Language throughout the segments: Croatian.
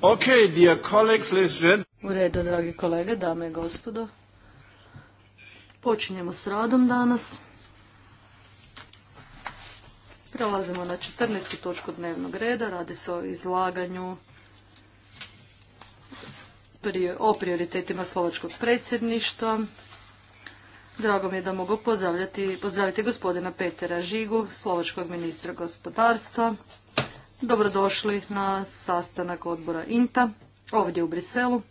Okay, dear U redu, dragi kolege, dame i gospodo. Počinjemo s radom danas. Prelazimo na 14. točku dnevnog reda. Radi se o izlaganju o prioritetima slovačkog predsjedništva. Drago mi je da mogu pozdraviti gospodina Petera Žigu, slovačkog ministra gospodarstva. Dobrodošli na sastanak odbora INTA ovdje u Briselu.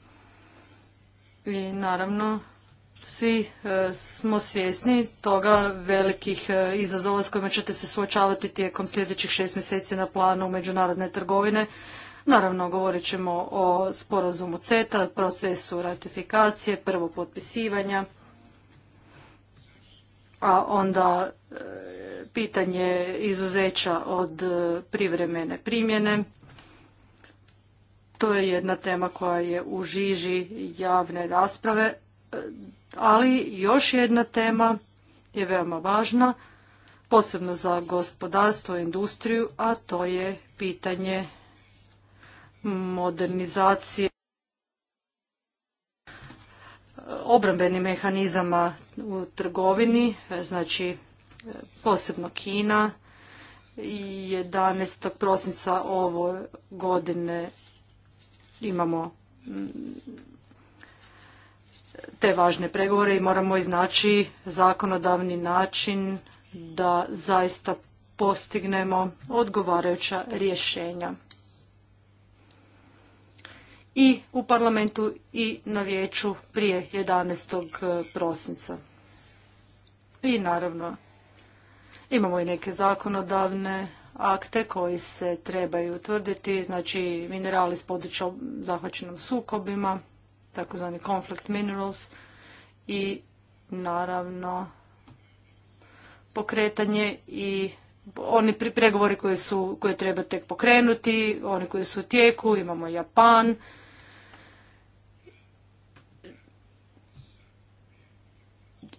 I naravno svi e, smo svjesni toga velikih e, izazova s kojima ćete se suočavati tijekom sljedećih šest mjeseci na planu međunarodne trgovine. Naravno, govorit ćemo o sporazumu CETA, procesu ratifikacije, prvo potpisivanja, a onda e, pitanje izuzeća od e, privremene primjene. To je jedna tema koja je u žiži javne rasprave, e, ali još jedna tema je veoma važna, posebno za gospodarstvo i industriju, a to je pitanje modernizacije obrambeni mehanizama u trgovini, e, znači e, posebno Kina, 11. prosinca ovo godine imamo mm, te važne pregovore i moramo iznaći zakonodavni način da zaista postignemo odgovarajuća rješenja i u parlamentu i na vijeću prije 11. E, prosinca. I naravno imamo i neke zakonodavne akte koji se trebaju utvrditi, znači minerali s područja zahvaćenom sukobima, takozvani conflict minerals i naravno pokretanje i oni pregovori koje treba tek pokrenuti, oni koji su u tijeku, imamo Japan,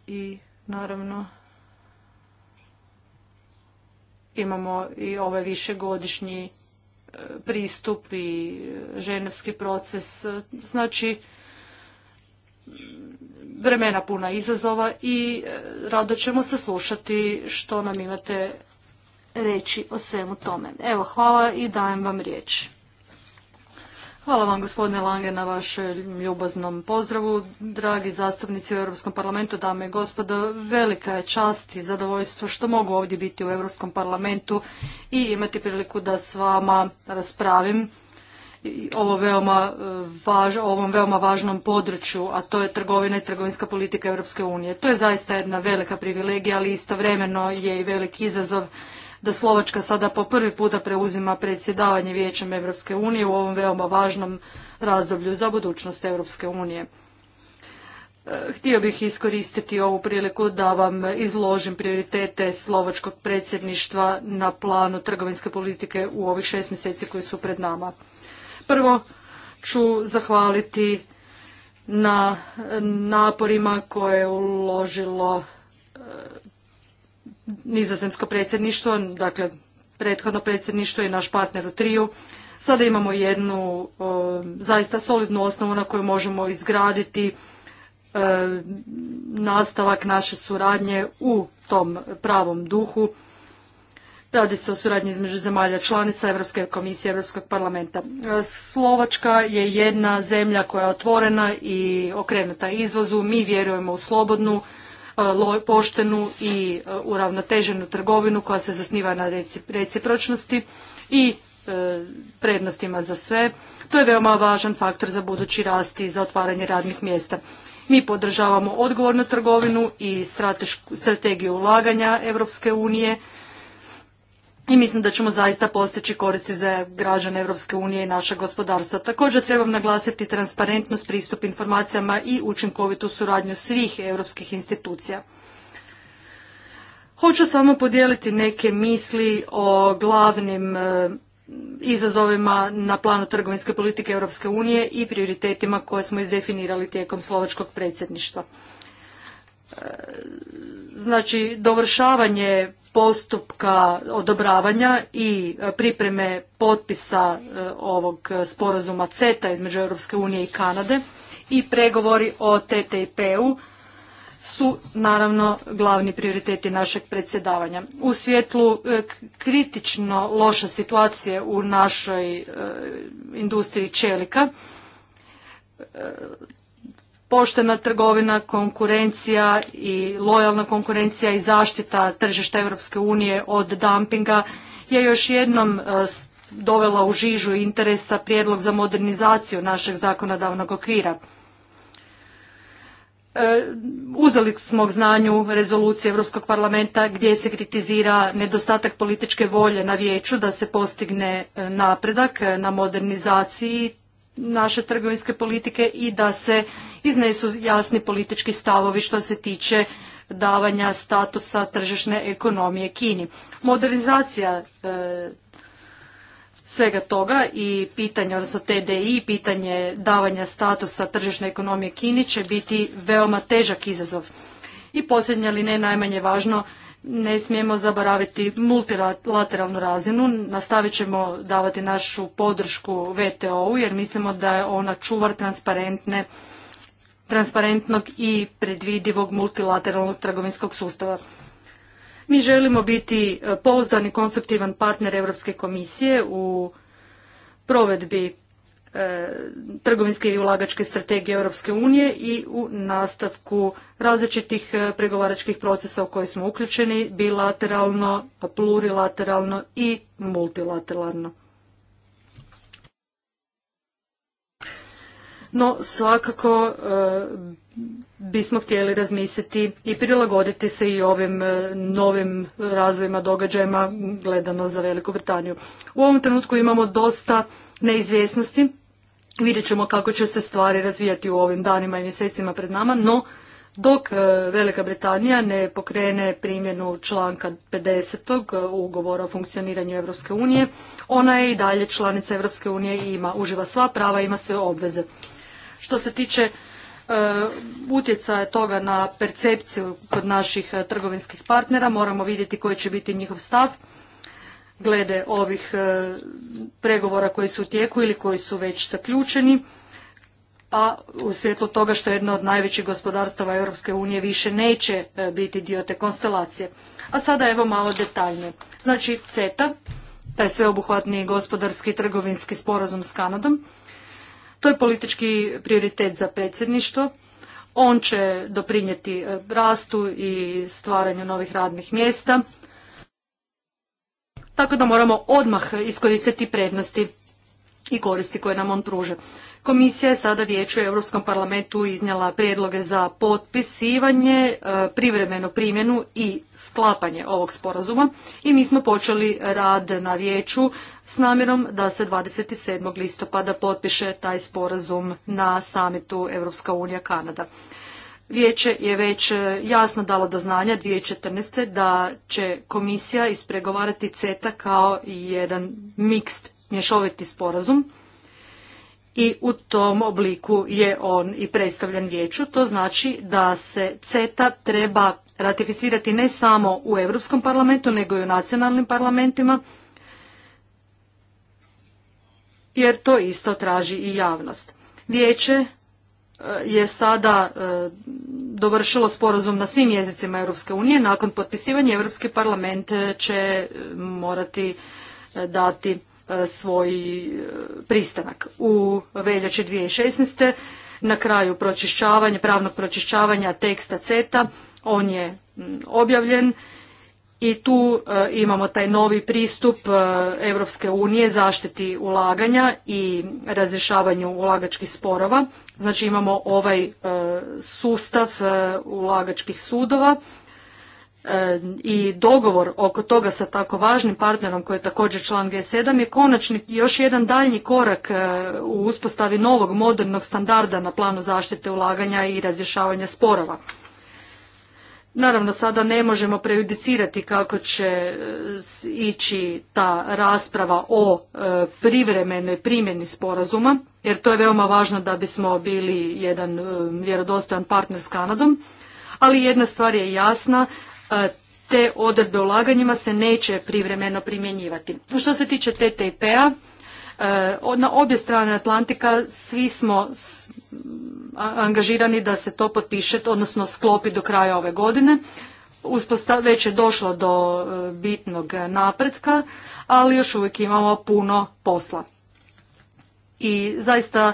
i naravno imamo i ovaj višegodišnji e, pristup i e, ženevski proces. Znači, vremena puna izazova i e, rado ćemo se slušati što nam imate reći o svemu tome. Evo, hvala i dajem vam riječ. Hvala vam gospodine Lange na vašem ljubaznom pozdravu. Dragi zastupnici u Europskom parlamentu, dame i gospodo, velika je čast i zadovoljstvo što mogu ovdje biti u Europskom parlamentu i imati priliku da s vama raspravim ovo veoma važ, ovom veoma važnom području, a to je trgovina i trgovinska politika Europske unije. To je zaista jedna velika privilegija, ali istovremeno je i veliki izazov da Slovačka sada po prvi puta preuzima predsjedavanje Vijećem Europske unije u ovom veoma važnom razdoblju za budućnost Europske unije. E, htio bih iskoristiti ovu priliku da vam izložim prioritete slovačkog predsjedništva na planu trgovinske politike u ovih šest mjeseci koji su pred nama. Prvo ću zahvaliti na naporima koje je uložilo nizozemsko predsjedništvo, dakle prethodno predsjedništvo i naš partner u triju. Sada imamo jednu zaista solidnu osnovu na koju možemo izgraditi e, nastavak naše suradnje u tom pravom duhu. Radi se o suradnji između zemalja članica Europske komisije Europskog parlamenta. E, Slovačka je jedna zemlja koja je otvorena i okrenuta izvozu. Mi vjerujemo u slobodnu E, poštenu i e, uravnoteženu trgovinu koja se zasniva na recipročnosti i e, prednostima za sve. To je veoma važan faktor za budući rast i za otvaranje radnih mjesta. Mi podržavamo odgovornu trgovinu i strategiju ulaganja Europske unije i mislim da ćemo zaista postići koristi za građane Europske unije i naša gospodarstva. Također trebam naglasiti transparentnost, pristup informacijama i učinkovitu suradnju svih europskih institucija. Hoću samo podijeliti neke misli o glavnim e, izazovima na planu trgovinske politike Europske unije i prioritetima koje smo izdefinirali tijekom slovačkog predsjedništva. E, znači dovršavanje postupka odobravanja i e, pripreme potpisa e, ovog sporazuma CETA između Europske unije i Kanade i pregovori o TTIP-u su naravno glavni prioriteti našeg predsjedavanja. U svjetlu e, kritično loše situacije u našoj industriji čelika poštena trgovina, konkurencija i lojalna konkurencija i zaštita tržišta Europske unije od dumpinga je još jednom e, dovela u žižu interesa prijedlog za modernizaciju našeg zakonodavnog okvira. E, uzeli smo k znanju rezolucije Europskog parlamenta gdje se kritizira nedostatak političke volje na vijeću da se postigne e, napredak na modernizaciji naše trgovinske politike i da se iznesu jasni politički stavovi što se tiče davanja statusa tržišne ekonomije Kini. Modernizacija e, svega toga i pitanje, odnosno TDI, pitanje davanja statusa tržišne ekonomije Kini će biti veoma težak izazov. I posljednje, ali ne najmanje važno, ne smijemo zaboraviti multilateralnu razinu. Nastavit ćemo davati našu podršku VTO-u jer mislimo da je ona čuvar transparentne transparentnog i predvidivog multilateralnog trgovinskog sustava. Mi želimo biti eh, pouzdan i konstruktivan partner Europske komisije u provedbi E, trgovinske i ulagačke strategije Europske unije i u nastavku različitih e, pregovaračkih procesa u koje smo uključeni bilateralno, pa plurilateralno i multilateralno. No svakako e, bismo htjeli razmisliti i prilagoditi se i ovim novim razvojima, događajima gledano za Veliku Britaniju. U ovom trenutku imamo dosta neizvjesnosti Vidjet ćemo kako će se stvari razvijati u ovim danima i mjesecima pred nama, no dok e, Velika Britanija ne pokrene primjenu članka 50. E, ugovora o funkcioniranju Europske unije, ona je i dalje članica Europske unije i ima, uživa sva prava, ima sve obveze. Što se tiče e, utjecaja toga na percepciju kod naših trgovinskih partnera, moramo vidjeti koji će biti njihov stav glede ovih e, pregovora koji su u tijeku ili koji su već zaključeni, a u svjetlu toga što je jedno od najvećih gospodarstava Europske unije više neće e, biti dio te konstelacije. A sada evo malo detaljnije. Znači CETA, taj sveobuhvatni gospodarski trgovinski sporazum s Kanadom, to je politički prioritet za predsjedništvo. On će doprinijeti e, rastu i stvaranju novih radnih mjesta, tako da moramo odmah iskoristiti prednosti i koristi koje nam on pruže. Komisija je sada vijeću Europskom parlamentu iznijela prijedloge za potpisivanje, e, privremenu primjenu i sklapanje ovog sporazuma i mi smo počeli rad na vijeću s namjerom da se 27. listopada potpiše taj sporazum na samitu Europska unija Kanada. Vijeće je već e, jasno dalo do znanja 2014. da će komisija ispregovarati CETA kao jedan mixed mješoviti sporazum i u tom obliku je on i predstavljen vijeću. To znači da se CETA treba ratificirati ne samo u Europskom parlamentu nego i u nacionalnim parlamentima jer to isto traži i javnost. Vijeće E, je sada e, dovršilo sporazum na svim jezicima Europske unije. Nakon potpisivanja Europski parlament e, će morati dati svoj pristanak. U veljači 2016. na kraju pročišćavanja, pravnog pročišćavanja teksta CETA on je objavljen i tu e, imamo taj novi pristup Europske unije zaštiti ulaganja i razrješavanju ulagačkih sporova. Znači imamo ovaj e, sustav e, ulagačkih sudova i dogovor oko toga sa tako važnim partnerom koji je također član G7 je konačni još jedan daljnji korak u uspostavi novog modernog standarda na planu zaštite ulaganja i razrješavanja sporova. Naravno, sada ne možemo prejudicirati kako će e, ići ta rasprava o e, privremenoj primjeni sporazuma, jer to je veoma važno da bismo bili jedan e, vjerodostojan partner s Kanadom. Ali jedna stvar je jasna, te odredbe ulaganjima se neće privremeno primjenjivati. Što se tiče TTIP-a, Eh, na obje strane Atlantika svi smo angažirani da se to potpiše, odnosno sklopi do kraja ove godine. već je došlo do eh, bitnog napretka, ali još uvijek imamo puno posla. I zaista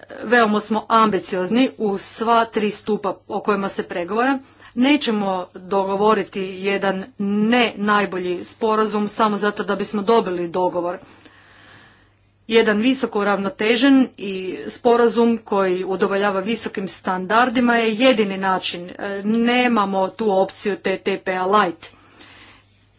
eh, veoma smo ambiciozni u sva tri stupa o kojima se pregovara. Nećemo dogovoriti jedan ne najbolji sporazum samo zato da bismo dobili dogovor jedan visoko ravnotežen i sporazum koji udovoljava visokim standardima je jedini način. E, nemamo tu opciju TTP light.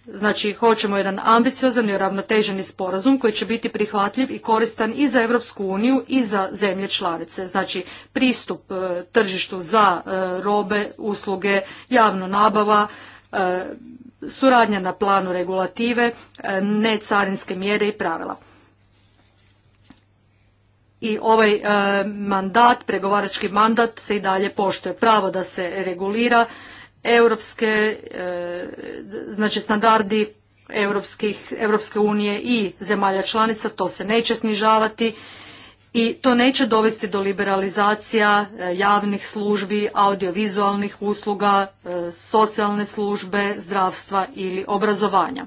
Znači, hoćemo jedan ambiciozan i uravnoteženi sporazum koji će biti prihvatljiv i koristan i za Europsku uniju i za zemlje članice. Znači, pristup e, tržištu za e, robe, usluge, javno nabava, suradnja na planu regulative, necarinske mjere i pravila i ovaj e, mandat, pregovarački mandat se i dalje poštuje. Pravo da se regulira europske, e, znači standardi europskih, Europske unije i zemalja članica, to se neće snižavati i to neće dovesti do liberalizacija e, javnih službi, audiovizualnih usluga, socijalne službe, zdravstva ili obrazovanja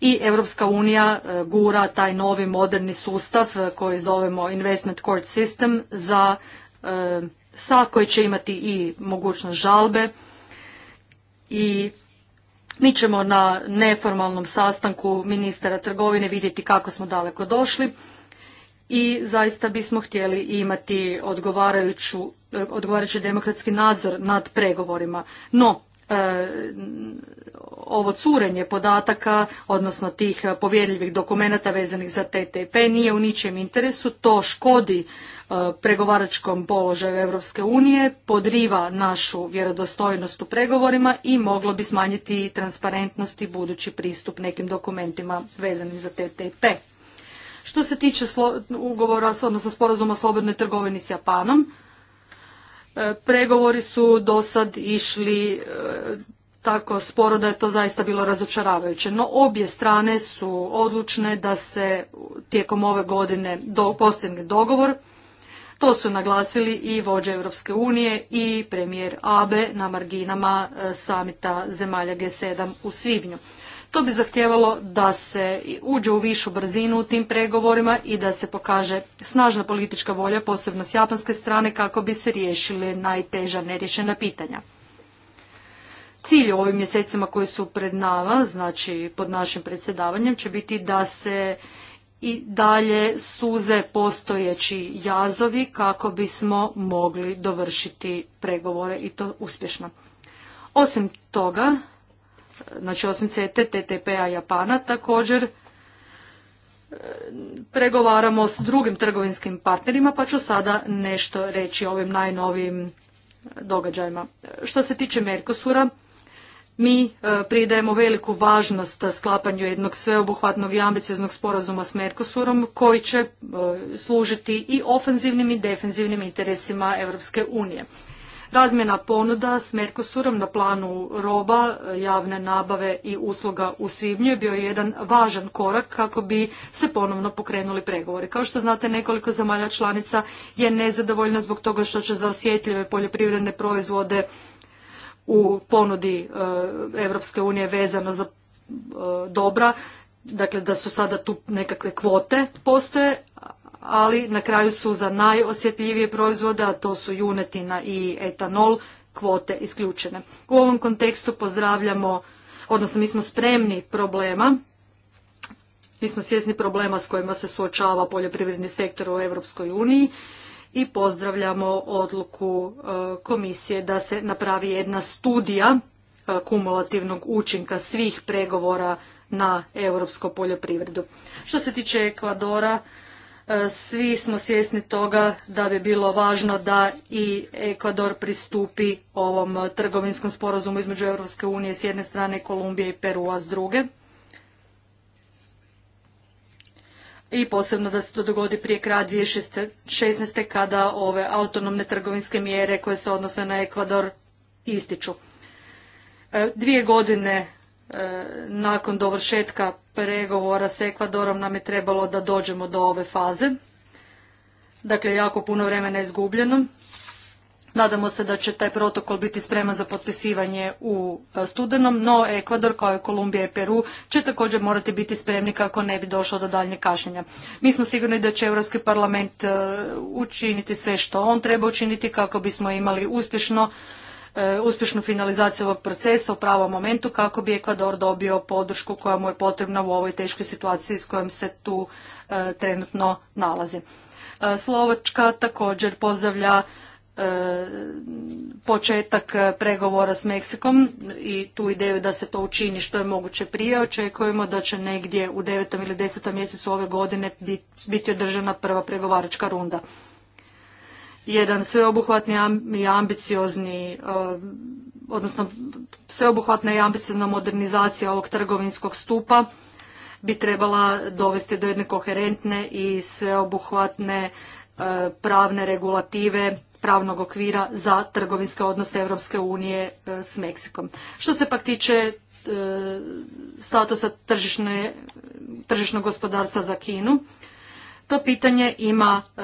i Europska unija e, gura taj novi moderni sustav e, koji zovemo Investment Court System za e, sa koji će imati i mogućnost žalbe i mi ćemo na neformalnom sastanku ministara trgovine vidjeti kako smo daleko došli i zaista bismo htjeli imati odgovarajuću, odgovarajući demokratski nadzor nad pregovorima. No, ovo curenje podataka, odnosno tih eh, povjerljivih dokumenata vezanih za TTP nije u ničem interesu, to škodi eh, pregovaračkom položaju Europske unije, podriva našu vjerodostojnost u pregovorima i moglo bi smanjiti transparentnost i budući pristup nekim dokumentima vezanim za TTP. Što se tiče ugovora, odnosno sporazuma o slobodnoj trgovini s Japanom, eh, pregovori su do sad išli tako sporo da je to zaista bilo razočaravajuće. No obje strane su odlučne da se tijekom ove godine do, postigne dogovor. To su naglasili i vođe Europske unije i premijer Abe na marginama e, samita zemalja G7 u Svibnju. To bi zahtjevalo da se uđe u višu brzinu u tim pregovorima i da se pokaže snažna politička volja, posebno s japanske strane, kako bi se riješili najteža neriješena pitanja. Cilj u ovim mjesecima koji su pred nama, znači pod našim predsjedavanjem, će biti da se i dalje suze postojeći jazovi kako bismo mogli dovršiti pregovore i to uspješno. Osim toga, znači osim CT, TTP-a Japana, također pregovaramo s drugim trgovinskim partnerima, pa ću sada nešto reći o ovim najnovim događajima. Što se tiče Merkosura, mi e, pridajemo veliku važnost sklapanju jednog sveobuhvatnog i ambicioznog sporazuma s Mercosurom koji će e, služiti i ofenzivnim i defenzivnim interesima Europske unije. Razmjena ponuda s Mercosurom na planu roba, javne nabave i usluga u svibnju je bio jedan važan korak kako bi se ponovno pokrenuli pregovori. Kao što znate, nekoliko zamalja članica je nezadovoljno zbog toga što će za osjetljive poljoprivredne proizvode u ponudi Europske unije vezano za e, dobra, dakle da su sada tu nekakve kvote postoje, ali na kraju su za najosjetljivije proizvode, a to su junetina i etanol, kvote isključene. U ovom kontekstu pozdravljamo, odnosno mi smo spremni problema, mi smo svjesni problema s kojima se suočava poljoprivredni sektor u Europskoj uniji i pozdravljamo odluku e, komisije da se napravi jedna studija e, kumulativnog učinka svih pregovora na europsku poljoprivredu. Što se tiče Ekvadora, e, svi smo svjesni toga da bi bilo važno da i Ekvador pristupi ovom trgovinskom sporazumu između Europske unije s jedne strane Kolumbije i Perua s druge. i posebno da se to dogodi prije kraja 2016. kada ove autonomne trgovinske mjere koje se odnose na Ekvador ističu. E, dvije godine e, nakon dovršetka pregovora s Ekvadorom nam je trebalo da dođemo do ove faze. Dakle, jako puno vremena je izgubljeno. Nadamo se da će taj protokol biti spreman za potpisivanje u e, studenom, no Ekvador kao i Kolumbija i Peru će također morati biti spremni kako ne bi došlo do daljnje kašnjenja. Mi smo sigurni da će Europski parlament e, učiniti sve što on treba učiniti kako bismo imali uspješno e, uspješnu finalizaciju ovog procesa u pravom momentu kako bi Ekvador dobio podršku koja mu je potrebna u ovoj teškoj situaciji s kojom se tu trenutno nalazi. Slovačka također pozdravlja E, početak pregovora s Meksikom i tu ideju da se to učini što je moguće prije. Očekujemo da će negdje u 9. ili 10. mjesecu ove godine biti održana prva pregovaračka runda. Jedan sveobuhvatni i ambiciozni e, odnosno sveobuhvatna i ambiciozna modernizacija ovog trgovinskog stupa bi trebala dovesti do jedne koherentne i sveobuhvatne e, pravne regulative pravnog okvira za trgovinske odnose Europske unije e, s Meksikom. Što se pak tiče e, statusa tržišne, tržišnog gospodarstva za Kinu, to pitanje ima e,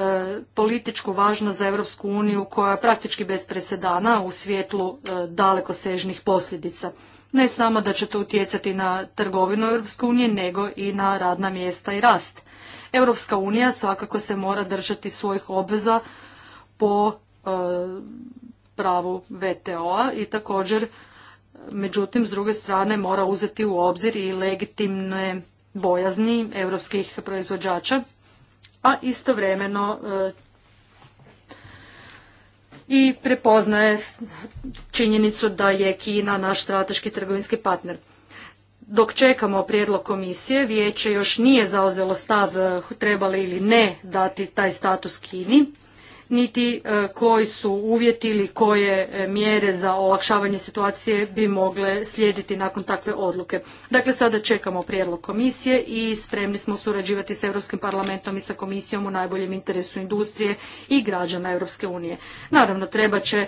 političku važnost za Europsku uniju koja je praktički bez presedana u svjetlu dalekosežnih posljedica. Ne samo da će to utjecati na trgovinu Europske unije, nego i na radna mjesta i rast. Europska unija svakako se mora držati svojih obveza po E, pravu VTO-a i također međutim s druge strane mora uzeti u obzir i legitimne bojazni europskih proizvođača, a istovremeno e, i prepoznaje činjenicu da je Kina naš strateški trgovinski partner. Dok čekamo prijedlog komisije, vijeće još nije zauzelo stav e, treba li ili ne dati taj status Kini niti e, koji su uvjeti ili koje e, mjere za olakšavanje situacije bi mogle slijediti nakon takve odluke. Dakle, sada čekamo prijedlog komisije i spremni smo surađivati s Europskim parlamentom i sa komisijom u najboljem interesu industrije i građana Europske unije. Naravno, treba će e,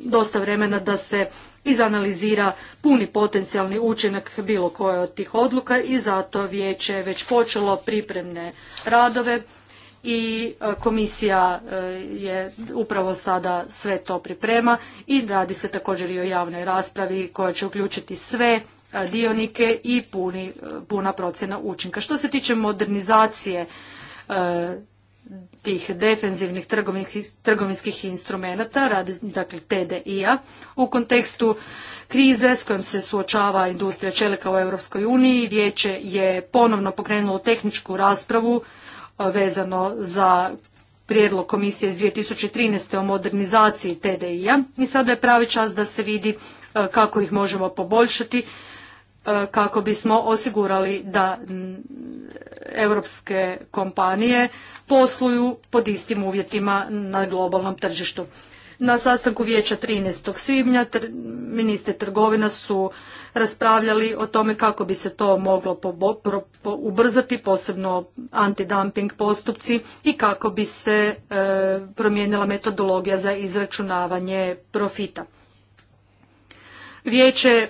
dosta vremena da se izanalizira puni potencijalni učinak bilo koje od tih odluka i zato vijeće je već počelo pripremne radove i e, komisija e, je upravo sada sve to priprema i radi se također i o javnoj raspravi koja će uključiti sve e, dionike i puni, puna procjena učinka. Što se tiče modernizacije tih defenzivnih trgovinskih instrumenata, radi dakle TDI-a, u kontekstu krize s kojom se suočava industrija čelika u Europskoj uniji, vijeće je ponovno pokrenulo tehničku raspravu vezano za prijedlog komisije iz 2013. o modernizaciji TDI-a i sada je pravi čas da se vidi e, kako ih možemo poboljšati e, kako bismo osigurali da europske kompanije posluju pod istim uvjetima na globalnom tržištu. Na sastanku vijeća 13. svibnja ministri trgovina su raspravljali o tome kako bi se to moglo ubrzati, posebno antidumping postupci i kako bi se e, promijenila metodologija za izračunavanje profita. Vijeće e,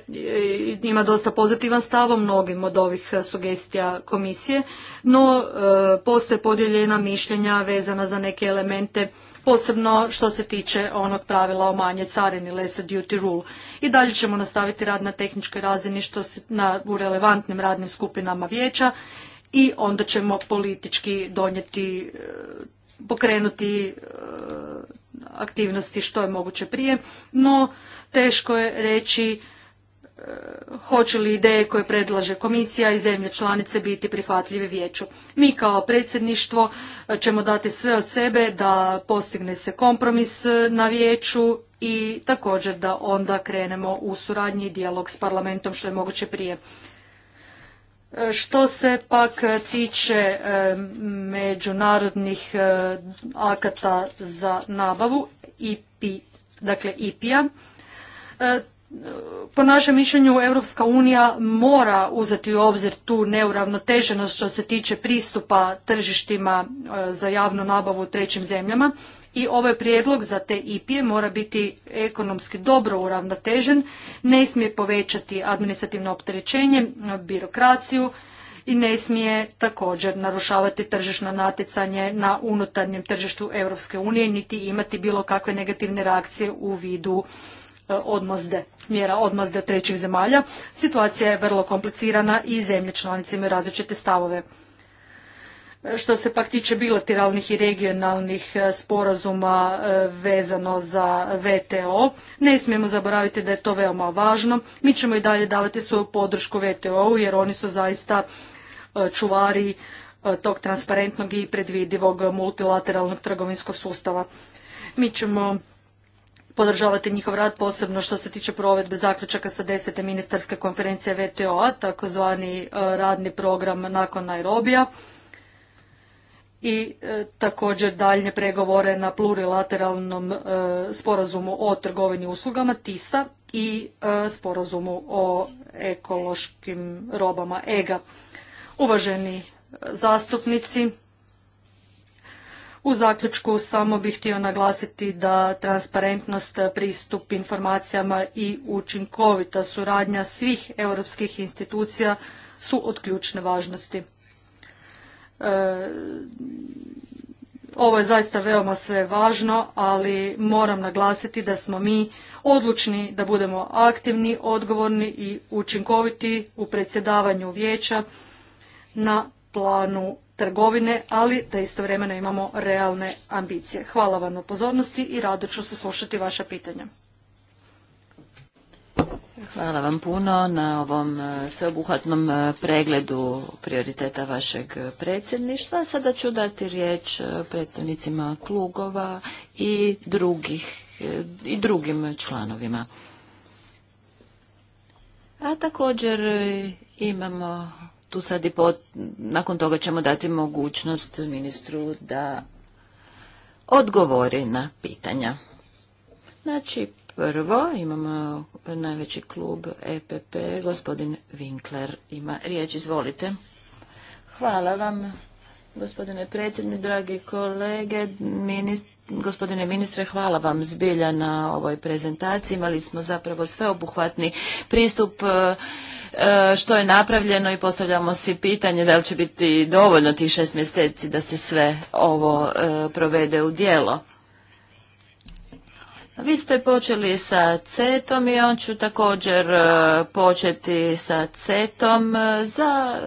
ima dosta pozitivan stav o mnogim od ovih e, sugestija komisije, no e, postoje podijeljena mišljenja vezana za neke elemente, posebno što se tiče onog pravila o manje carini, lesser duty rule. I dalje ćemo nastaviti rad na tehničkoj razini što se, na, u relevantnim radnim skupinama vijeća i onda ćemo politički donijeti, pokrenuti aktivnosti što je moguće prije, no teško je reći e, hoće li ideje koje predlaže komisija i zemlje članice biti prihvatljive vijeću. Mi kao predsjedništvo e, ćemo dati sve od sebe da postigne se kompromis e, na vijeću i također da onda krenemo u suradnji i dijalog s parlamentom što je moguće prije. Što se pak tiče međunarodnih akata za nabavu, IP, dakle IPI-a, E, po našem mišljenju Europska unija mora uzeti u obzir tu neuravnoteženost što se tiče pristupa tržištima e, za javnu nabavu u trećim zemljama i ovaj prijedlog za te IP mora biti ekonomski dobro uravnotežen, ne smije povećati administrativno opterećenje, birokraciju i ne smije također narušavati tržišno natjecanje na unutarnjem tržištu Europske unije niti imati bilo kakve negativne reakcije u vidu E, odmazde, mjera odmazde trećih zemalja. Situacija je vrlo komplicirana i zemlje članice imaju različite stavove. E, što se pak tiče bilateralnih i regionalnih e, sporazuma vezano za VTO, ne smijemo zaboraviti da je to veoma važno. Mi ćemo i dalje davati svoju podršku VTO-u jer oni su zaista čuvari tog transparentnog i predvidivog multilateralnog trgovinskog sustava. Mi ćemo podržavate njihov rad posebno što se tiče provedbe zaključaka sa desete ministarske konferencije VTO-a, takozvani e, radni program nakon Nairobija i e, također daljnje pregovore na plurilateralnom e, sporazumu o trgovini uslugama TISA i sporazumu o ekološkim robama EGA. Uvaženi zastupnici, u zaključku samo bih htio naglasiti da transparentnost, pristup informacijama i učinkovita suradnja svih europskih institucija su od ključne važnosti. E, ovo je zaista veoma sve važno, ali moram naglasiti da smo mi odlučni da budemo aktivni, odgovorni i učinkoviti u predsjedavanju vijeća na planu trgovine, ali da istovremeno imamo realne ambicije. Hvala vam na pozornosti i rado ću se slušati vaše pitanja. Hvala vam puno na ovom e, sveobuhvatnom e, pregledu prioriteta vašeg predsjedništva. Sada ću dati riječ e, predstavnicima klugova i, drugih, i drugim članovima. A također imamo tu sad i nakon toga ćemo dati mogućnost ministru da odgovori na pitanja. Znači, prvo imamo najveći klub EPP, gospodin Winkler ima riječ, izvolite. Hvala vam Gospodine predsjedni, dragi kolege, Gospodine ministre, hvala vam zbilja na ovoj prezentaciji. Imali smo zapravo sveobuhvatni pristup e, e, što je napravljeno i postavljamo si pitanje da li će biti dovoljno tih šest mjeseci da se sve ovo e, provede u djelo. Vi ste počeli sa CETom i on ću također početi sa CETom za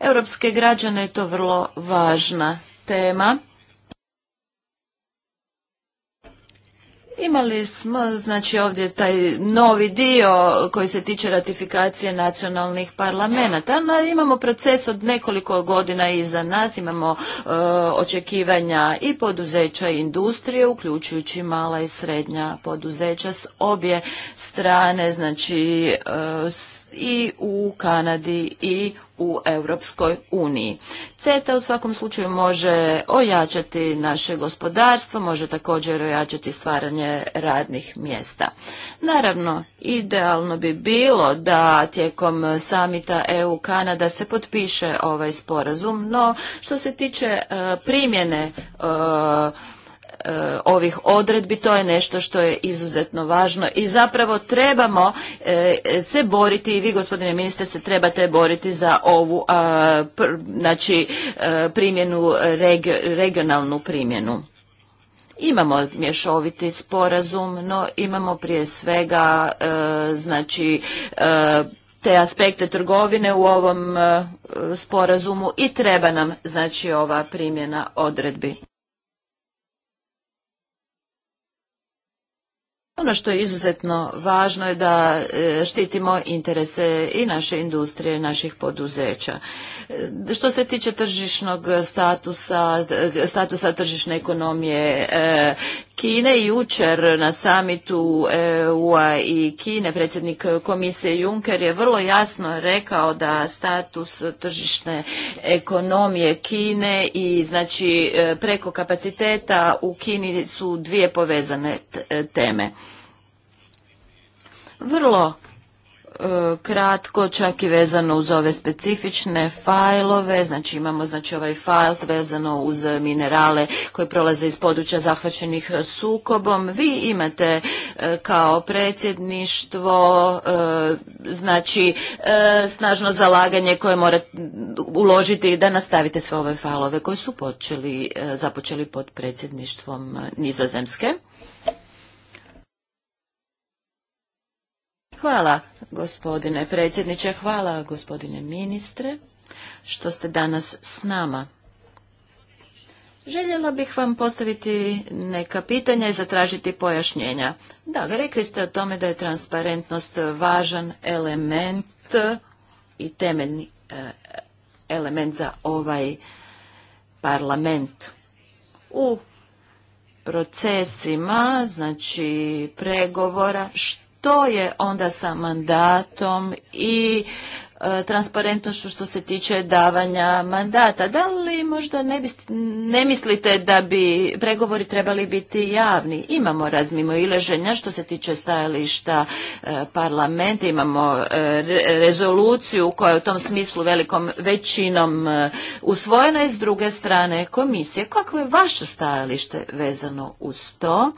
europske građane je to vrlo važna tema. Imali smo znači ovdje taj novi dio koji se tiče ratifikacije nacionalnih parlamenta. Imamo proces od nekoliko godina iza nas, imamo e, očekivanja i poduzeća i industrije, uključujući mala i srednja poduzeća s obje strane, znači e, i u Kanadi i u Europskoj uniji. CETA u svakom slučaju može ojačati naše gospodarstvo, može također ojačati stvaranje radnih mjesta. Naravno, idealno bi bilo da tijekom samita EU Kanada se potpiše ovaj sporazum, no što se tiče e, primjene e, E, ovih odredbi, to je nešto što je izuzetno važno i zapravo trebamo e, se boriti i vi gospodine ministre se trebate boriti za ovu znači e, primjenu, regionalnu primjenu. Imamo mješoviti sporazum, no imamo prije svega znači te aspekte trgovine u ovom sporazumu i treba nam znači ova primjena odredbi. Ono što je izuzetno važno je da e, štitimo interese i naše industrije naših poduzeća. E, što se tiče tržišnog statusa, e, statusa tržišne ekonomije Kine, jučer na samitu eu i Kine predsjednik komisije Juncker je vrlo jasno rekao da status tržišne ekonomije Kine i znači preko kapaciteta u Kini su dvije povezane teme vrlo e, kratko, čak i vezano uz ove specifične fajlove, znači imamo znači ovaj fajl vezano uz minerale koje prolaze iz područja zahvaćenih sukobom. Vi imate e, kao predsjedništvo e, znači snažno zalaganje koje morate uložiti da nastavite sve ove fajlove koje su počeli, započeli pod predsjedništvom Nizozemske. Hvala gospodine predsjedniče, hvala gospodine ministre što ste danas s nama. Željela bih vam postaviti neka pitanja i zatražiti pojašnjenja. Da, rekli ste o tome da je transparentnost važan element i temeljni e, element za ovaj parlament. U procesima, znači pregovora, što to je onda sa mandatom i e, transparentnošću što se tiče davanja mandata. Da li možda ne, ne mislite da bi pregovori trebali biti javni? Imamo razmimo ileženja što se tiče stajališta e, parlamenta, imamo e, rezoluciju koja je u tom smislu velikom većinom usvojena i s druge strane komisije. Kako je vaše stajalište vezano uz to?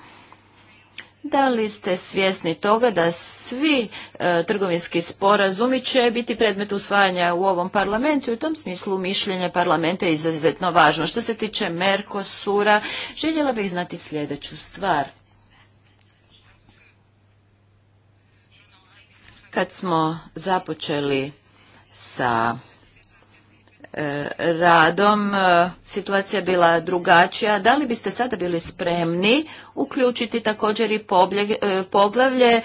Da li ste svjesni toga da svi e, trgovinski sporazumi će biti predmet usvajanja u ovom parlamentu i u tom smislu mišljenje parlamenta je izuzetno važno. Što se tiče Merkosura, željela bih znati sljedeću stvar. Kad smo započeli sa E, radom e, situacija bila drugačija. Da li biste sada bili spremni uključiti također i e, poglavlje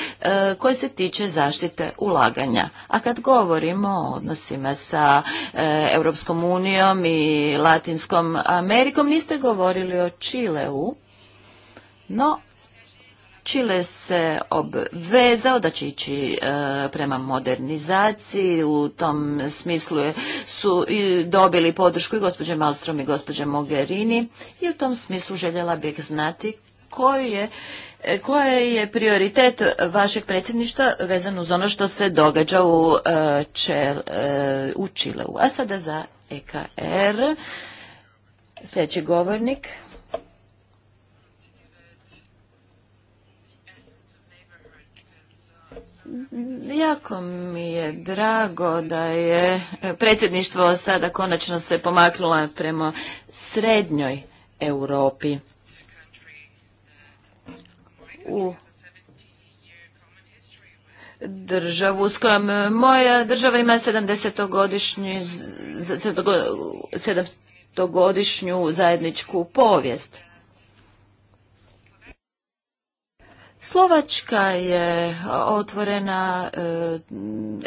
koje se tiče zaštite ulaganja? A kad govorimo o odnosima sa Europskom unijom i Latinskom Amerikom, niste govorili o Čileu, no Čile se obvezao da će ići e, prema modernizaciji, u tom smislu su i dobili podršku i gospođe Malstrom i gospođe Mogherini i u tom smislu željela bih znati koji je e, je prioritet vašeg predsjedništva vezan uz ono što se događa u, e, u Čileu? A sada za EKR, er. sljedeći govornik. Jako mi je drago da je predsjedništvo sada konačno se pomaknulo prema srednjoj Europi. U državu s moja država ima 70-godišnju zajedničku povijest. Slovačka je e, otvorena e,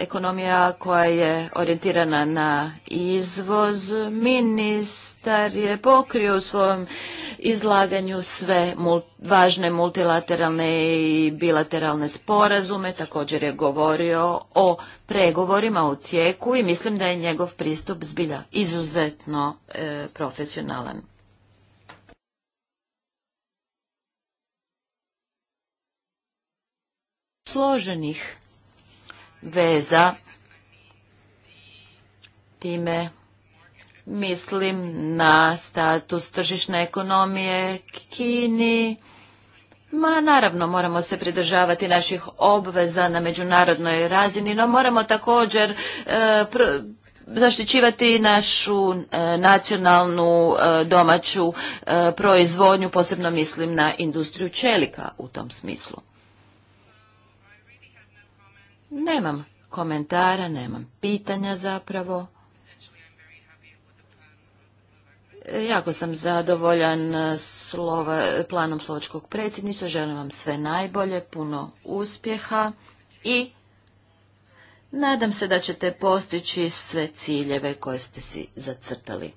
ekonomija koja je orijentirana na izvoz. Ministar je pokrio u svom izlaganju sve važne multilateralne i bilateralne sporazume. Također je govorio o pregovorima u cijeku i mislim da je njegov pristup zbilja izuzetno e, profesionalan. složenih veza. Time mislim na status tržišne ekonomije Kini. Ma naravno moramo se pridržavati naših obveza na međunarodnoj razini, no moramo također e, zaštićivati našu e, nacionalnu e, domaću proizvodnju, posebno mislim na industriju čelika u tom smislu. Nemam komentara, nemam pitanja zapravo. Jako sam zadovoljan e, planom slovačkog predsjedništva. Želim vam sve najbolje, puno uspjeha i nadam se da ćete postići sve ciljeve koje ste si zacrtali.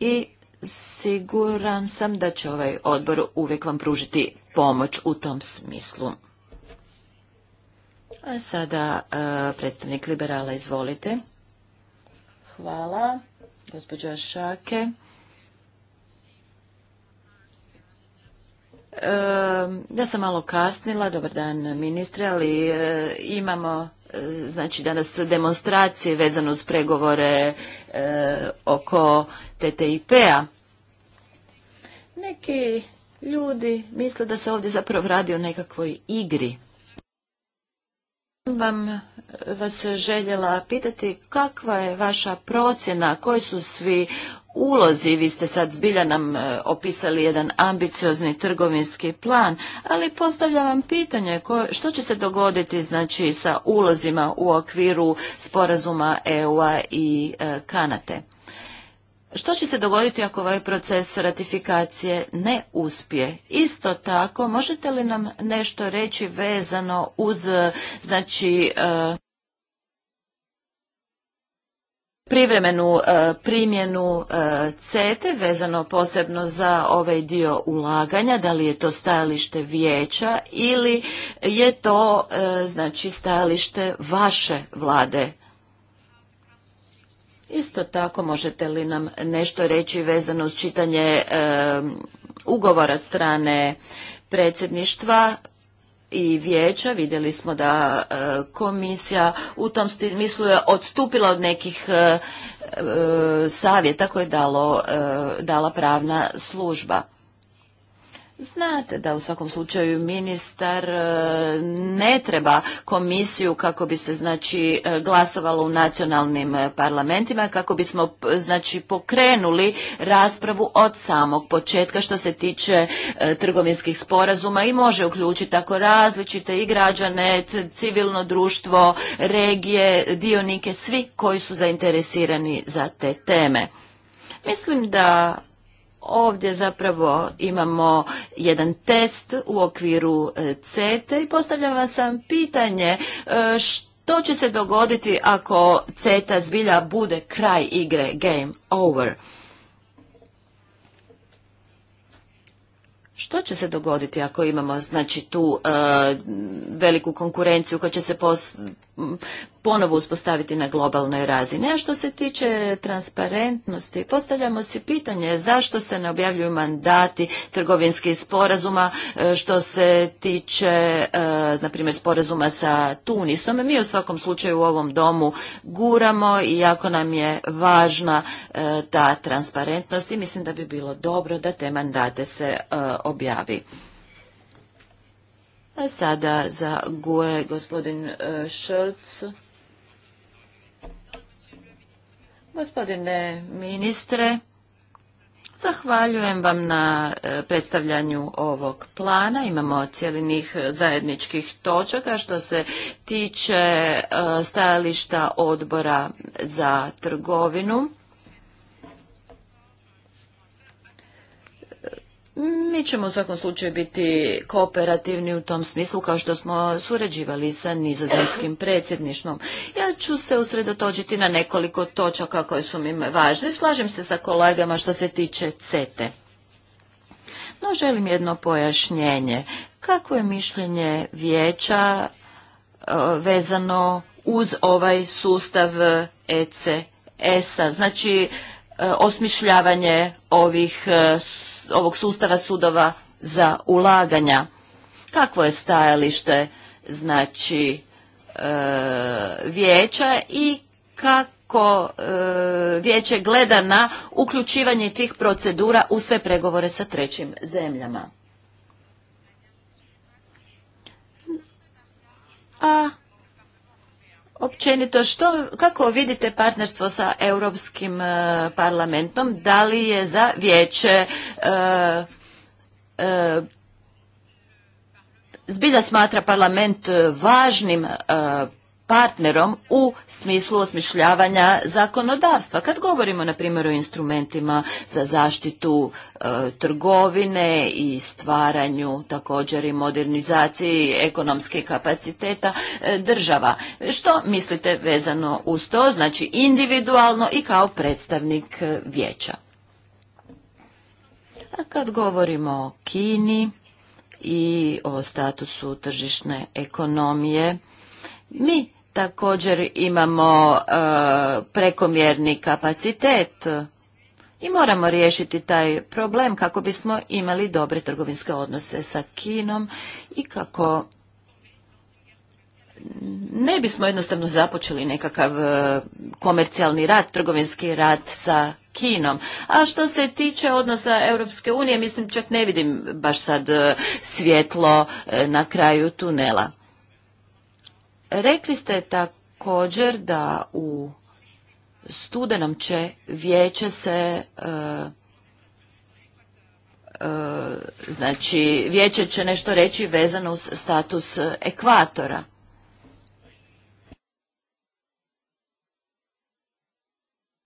I siguran sam da će ovaj odbor uvijek vam pružiti pomoć u tom smislu. A sada e, predstavnik liberala, izvolite. Hvala, gospođa Šake. E, ja sam malo kasnila, dobar dan ministre, ali e, imamo znači danas demonstracije vezano uz pregovore oko TTIP-a. Neki ljudi misle da se ovdje zapravo radi o nekakvoj igri vam vas željela pitati kakva je vaša procjena, koji su svi ulozi, vi ste sad zbilja nam e, opisali jedan ambiciozni trgovinski plan, ali postavljam vam pitanje što će se dogoditi znači sa ulozima u okviru sporazuma EU-a i e, Kanate što će se dogoditi ako ovaj proces ratifikacije ne uspije? Isto tako, možete li nam nešto reći vezano uz znači e, privremenu e, primjenu e, vezano posebno za ovaj dio ulaganja, da li je to stajalište vijeća ili je to znači stajalište vaše vlade Isto tako možete li nam nešto reći vezano uz čitanje e, ugovora strane predsjedništva i vijeća. Vidjeli smo da eh, komisija u tom smislu je odstupila od nekih eh, eh, savjeta koje je dalo, dala pravna služba. Znate da u svakom slučaju ministar e, ne treba komisiju kako bi se znači e, glasovalo u nacionalnim e, parlamentima kako bismo znači pokrenuli raspravu od samog početka što se tiče trgovinskih sporazuma i može uključiti tako različite i građane, civilno društvo, regije, dionike, svi koji su zainteresirani za te teme. Mislim da Ovdje zapravo imamo jedan test u okviru e, CETA i postavljam vam sam pitanje e, što će se dogoditi ako CETA zbilja bude kraj igre, game over. Što će se dogoditi ako imamo znači tu e, veliku konkurenciju koja će se pos, ponovo uspostaviti na globalnoj razini? A što se tiče transparentnosti, postavljamo si pitanje zašto se ne objavljuju mandati trgovinskih sporazuma e, što se tiče e, na primjer sporazuma sa Tunisom. Mi u svakom slučaju u ovom domu guramo i jako nam je važna ta transparentnost i mislim da bi bilo dobro da te mandate se objavi. A sada za GUE gospodin e, Šrc. Gospodine ministre, Zahvaljujem vam na e, predstavljanju ovog plana. Imamo cijelinih zajedničkih točaka što se tiče e, stajališta odbora za trgovinu. Mi ćemo u svakom slučaju biti kooperativni u tom smislu kao što smo surađivali sa nizozemskim predsjedništvom. Ja ću se usredotočiti na nekoliko točaka koje su mi važne. Slažem se sa kolegama što se tiče CETE. No želim jedno pojašnjenje. Kako je mišljenje vijeća e, vezano uz ovaj sustav ECS-a, znači e, osmišljavanje ovih e, ovog sustava sudova za ulaganja. Kakvo je stajalište znači e, vijeća i kako e, vijeće gleda na uključivanje tih procedura u sve pregovore sa trećim zemljama. A Općenito, što, kako vidite partnerstvo sa Europskim e, parlamentom? Da li je za vijeće e, e, zbilja smatra parlament važnim partnerom u smislu osmišljavanja zakonodavstva. Kad govorimo, na primjer, o instrumentima za zaštitu e, trgovine i stvaranju također i modernizaciji ekonomske kapaciteta e, država. Što mislite vezano uz to, znači individualno i kao predstavnik e, vijeća? A kad govorimo o Kini i o statusu tržišne ekonomije, mi Također imamo e, prekomjerni kapacitet i moramo riješiti taj problem kako bismo imali dobre trgovinske odnose sa Kinom i kako ne bismo jednostavno započeli nekakav e, komercijalni rad, trgovinski rad sa Kinom. A što se tiče odnosa Europske unije, mislim čak ne vidim baš sad e, svjetlo na kraju tunela. Rekli ste također da u studenom će vijeće se e, e, znači vijeće će nešto reći vezano uz status ekvatora.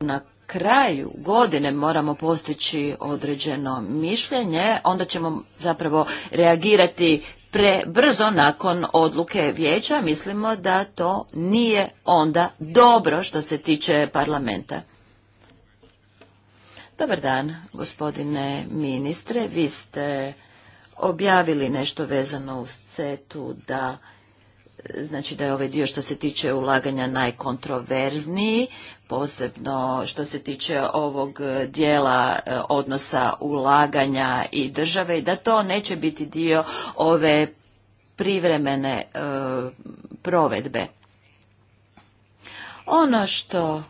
Na kraju godine moramo postići određeno mišljenje, onda ćemo zapravo reagirati prebrzo nakon odluke vijeća, mislimo da to nije onda dobro što se tiče parlamenta. Dobar dan, gospodine ministre. Vi ste objavili nešto vezano uz CETU da znači da je ovaj dio što se tiče ulaganja najkontroverzniji posebno što se tiče ovog e, dijela e, odnosa ulaganja i države i da to neće biti dio ove privremene e, provedbe. Ono što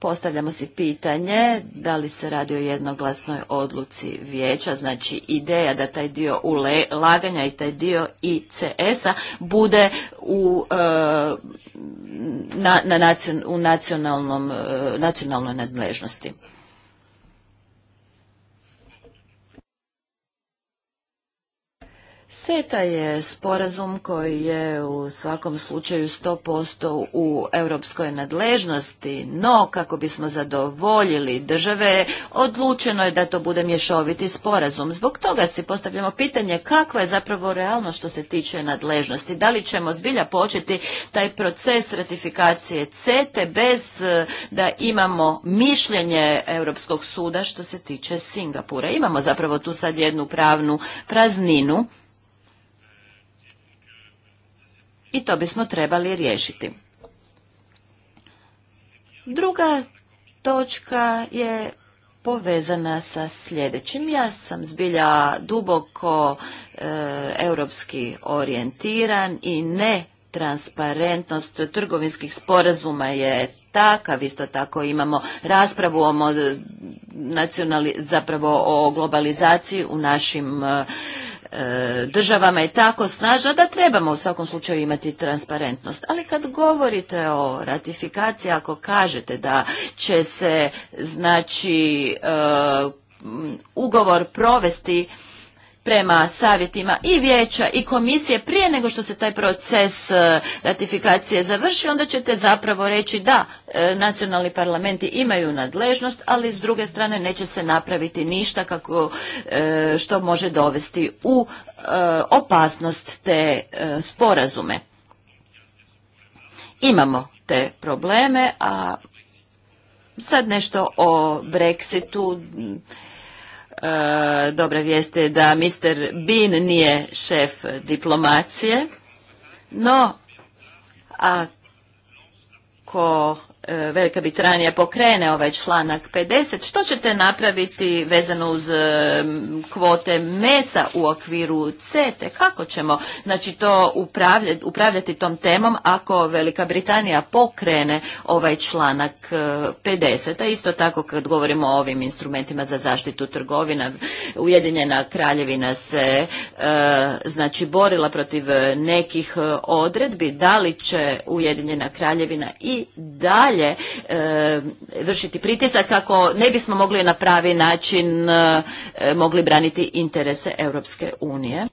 Postavljamo si pitanje da li se radi o jednoglasnoj odluci vijeća, znači ideja da taj dio ulaganja i taj dio ICS-a bude u, e, na, na nacionalnom, e, nacionalnoj nadležnosti. SETA je sporazum koji je u svakom slučaju 100% u europskoj nadležnosti, no kako bismo zadovoljili države, odlučeno je da to bude mješoviti sporazum. Zbog toga si postavljamo pitanje kakva je zapravo realno što se tiče nadležnosti. Da li ćemo zbilja početi taj proces ratifikacije CETE bez e, da imamo mišljenje Europskog suda što se tiče Singapura. Imamo zapravo tu sad jednu pravnu prazninu i to bismo trebali riješiti. Druga točka je povezana sa sljedećim. Ja sam zbilja duboko e, europski orijentiran i ne transparentnost trgovinskih sporazuma je takav, isto tako imamo raspravu o zapravo o globalizaciji u našim e, E, državama je tako snažna da trebamo u svakom slučaju imati transparentnost. Ali kad govorite o ratifikaciji, ako kažete da će se znači e, ugovor provesti prema savjetima i vijeća i komisije prije nego što se taj proces e, ratifikacije završi, onda ćete zapravo reći da e, nacionalni parlamenti imaju nadležnost, ali s druge strane neće se napraviti ništa kako, e, što može dovesti u opasnost te sporazume. Imamo te probleme, a sad nešto o Brexitu E, dobra vijest je da Mr. Bean nije šef diplomacije, no ako E, Velika Britanija pokrene ovaj članak 50. Što ćete napraviti vezano uz e, kvote mesa u okviru CETE? Kako ćemo znači, to upravljati, upravljati tom temom ako Velika Britanija pokrene ovaj članak 50. E, A isto tako kad govorimo o ovim instrumentima za zaštitu trgovina, Ujedinjena kraljevina se znači borila protiv nekih odredbi. Da li će Ujedinjena kraljevina i dalje dalje e, vršiti pritisak kako ne bismo mogli na pravi način e, mogli braniti interese Europske unije.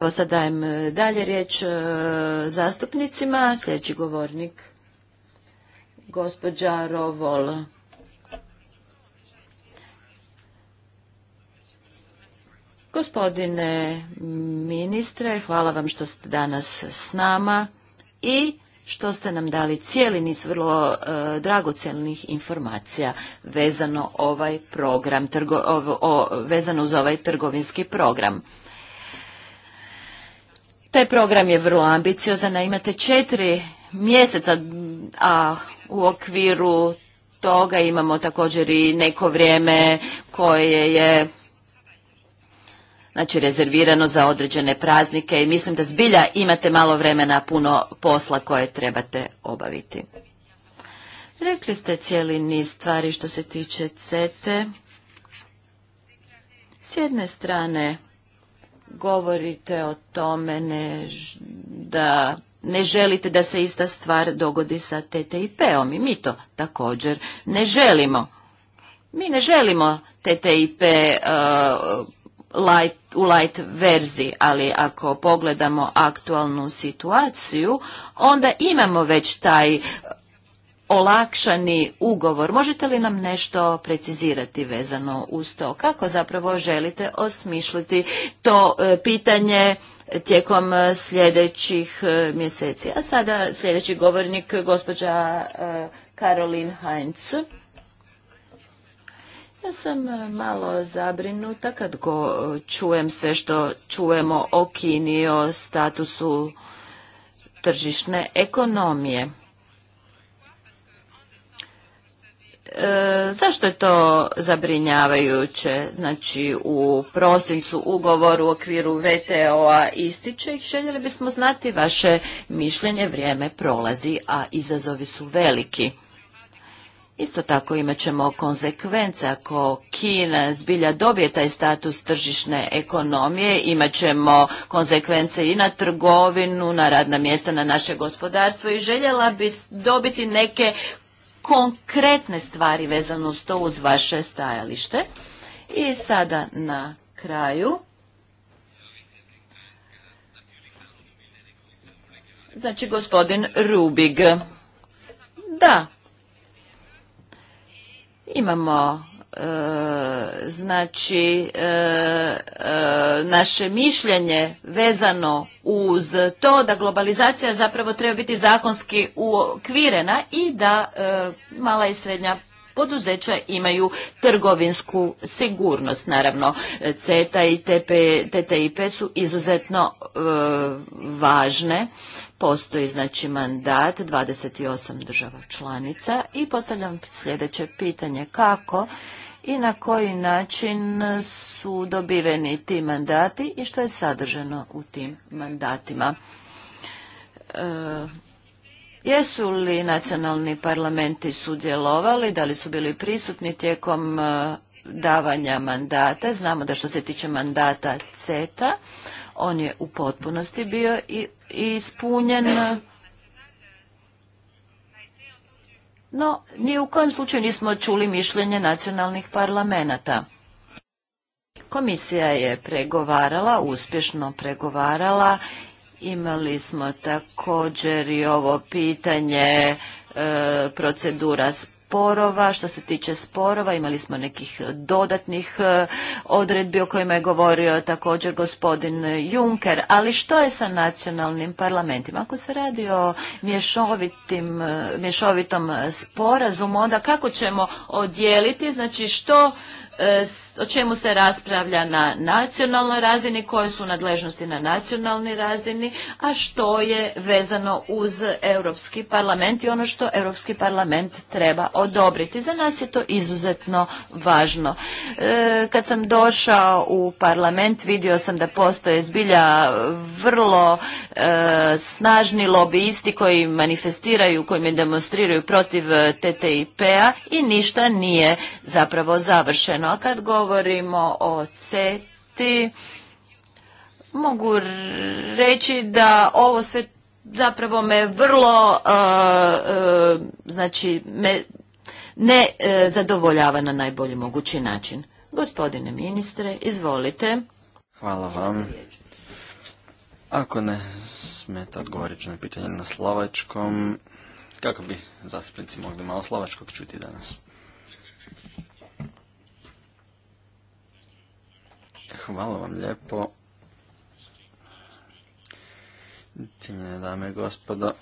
Evo dajem e, dalje riječ zastupnicima. Sljedeći govornik, gospođa Rovol. Gospodine ministre, hvala vam što ste danas s nama i što ste nam dali cijeli niz vrlo e, dragocjenih informacija vezano ovaj program, vezano uz ovaj trgovinski program. Taj program je vrlo ambiciozan, imate četiri mjeseca, a u okviru toga imamo također i neko vrijeme koje je znači rezervirano za određene praznike i mislim da zbilja imate malo vremena puno posla koje trebate obaviti. Rekli ste cijeli niz stvari što se tiče CETE. S jedne strane govorite o tome da ne želite da se ista stvar dogodi sa TTIP-om i mi to također ne želimo. Mi ne želimo TTIP uh, u light verzi, ali ako pogledamo aktualnu situaciju, onda imamo već taj olakšani ugovor. Možete li nam nešto precizirati vezano uz to? Kako zapravo želite osmišliti to e, pitanje tijekom e, sljedećih e, mjeseci? A sada sljedeći govornik, gospođa Karolin Heinz. Ja sam e, malo zabrinuta kad go čujem sve što čujemo o Kini, o statusu tržišne ekonomije. E, zašto je to zabrinjavajuće? Znači u prosincu ugovor u okviru VTO-a ističe i željeli bismo znati vaše mišljenje, vrijeme prolazi, a izazovi su veliki. Isto tako imat ćemo konsekvence ako Kina zbilja dobije taj status tržišne ekonomije, imat ćemo konsekvence i na trgovinu, na radna mjesta, na naše gospodarstvo i željela bi dobiti neke konkretne stvari vezano uz to uz vaše stajalište. I sada na kraju. Znači gospodin Rubig. Da, Imamo e, znači e, e, naše mišljenje vezano uz to da globalizacija zapravo treba biti zakonski uokvirena i da mala i srednja poduzeća imaju trgovinsku sigurnost. Naravno, CETA i TTIP su izuzetno e, važne. Postoji znači mandat 28 država članica i postavljam sljedeće pitanje kako i na koji način su dobiveni ti mandati i što je sadržano u tim mandatima. E, Jesu li nacionalni parlamenti sudjelovali, da li su bili prisutni tijekom e, davanja mandata? Znamo da što se tiče mandata CETA, on je u potpunosti bio ispunjen. No, ni u kojem slučaju nismo čuli mišljenje nacionalnih parlamenta. Komisija je pregovarala, uspješno pregovarala Imali smo također i ovo pitanje e, procedura sporova. Što se tiče sporova, imali smo nekih dodatnih e, odredbi o kojima je govorio također gospodin Juncker. Ali što je sa nacionalnim parlamentima? Ako se radi o e, mješovitom sporazumu, onda kako ćemo odjeliti, znači što E, o čemu se raspravlja na nacionalnoj razini, koje su nadležnosti na nacionalnoj razini, a što je vezano uz Europski parlament i ono što Europski parlament treba odobriti. Za nas je to izuzetno važno. E, kad sam došao u parlament vidio sam da postoje zbilja vrlo e, snažni lobbyisti koji manifestiraju, koji mi demonstriraju protiv TTIP-a i ništa nije zapravo završeno kad govorimo o CETI, mogu reći da ovo sve zapravo me vrlo, e, e, znači, ne e, zadovoljava na najbolji mogući način. Gospodine ministre, izvolite. Hvala vam. Ako ne smeta, odgovorit na pitanje na slovačkom. Kako bi zastupnici mogli malo slovačkog čuti danas? Hvala vam lijepo. Cijenjene dame i gospodo.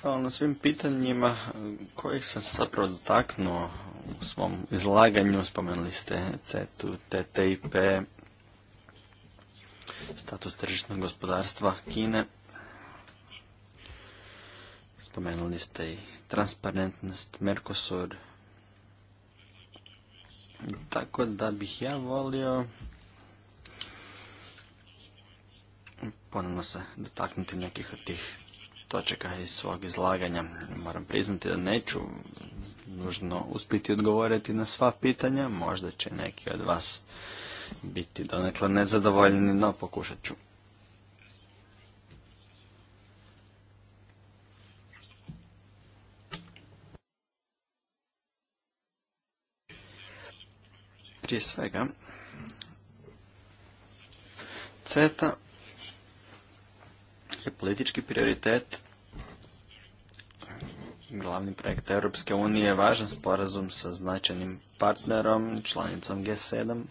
Hvala na svim pitanjima kojih sam se zapravo dotaknuo u svom izlaganju. Spomenuli ste CETU, TTIP, status tržišnog gospodarstva Kine. Spomenuli ste i transparentnost Mercosur, tako da bih ja volio ponovno se dotaknuti nekih od tih točaka iz svog izlaganja. Moram priznati da neću nužno uspjeti odgovoriti na sva pitanja, možda će neki od vas biti donekle nezadovoljni, no pokušat ću. Prije svega, CETA je politički prioritet glavni projekt Europske unije je važan sporazum sa značajnim partnerom, članicom G7.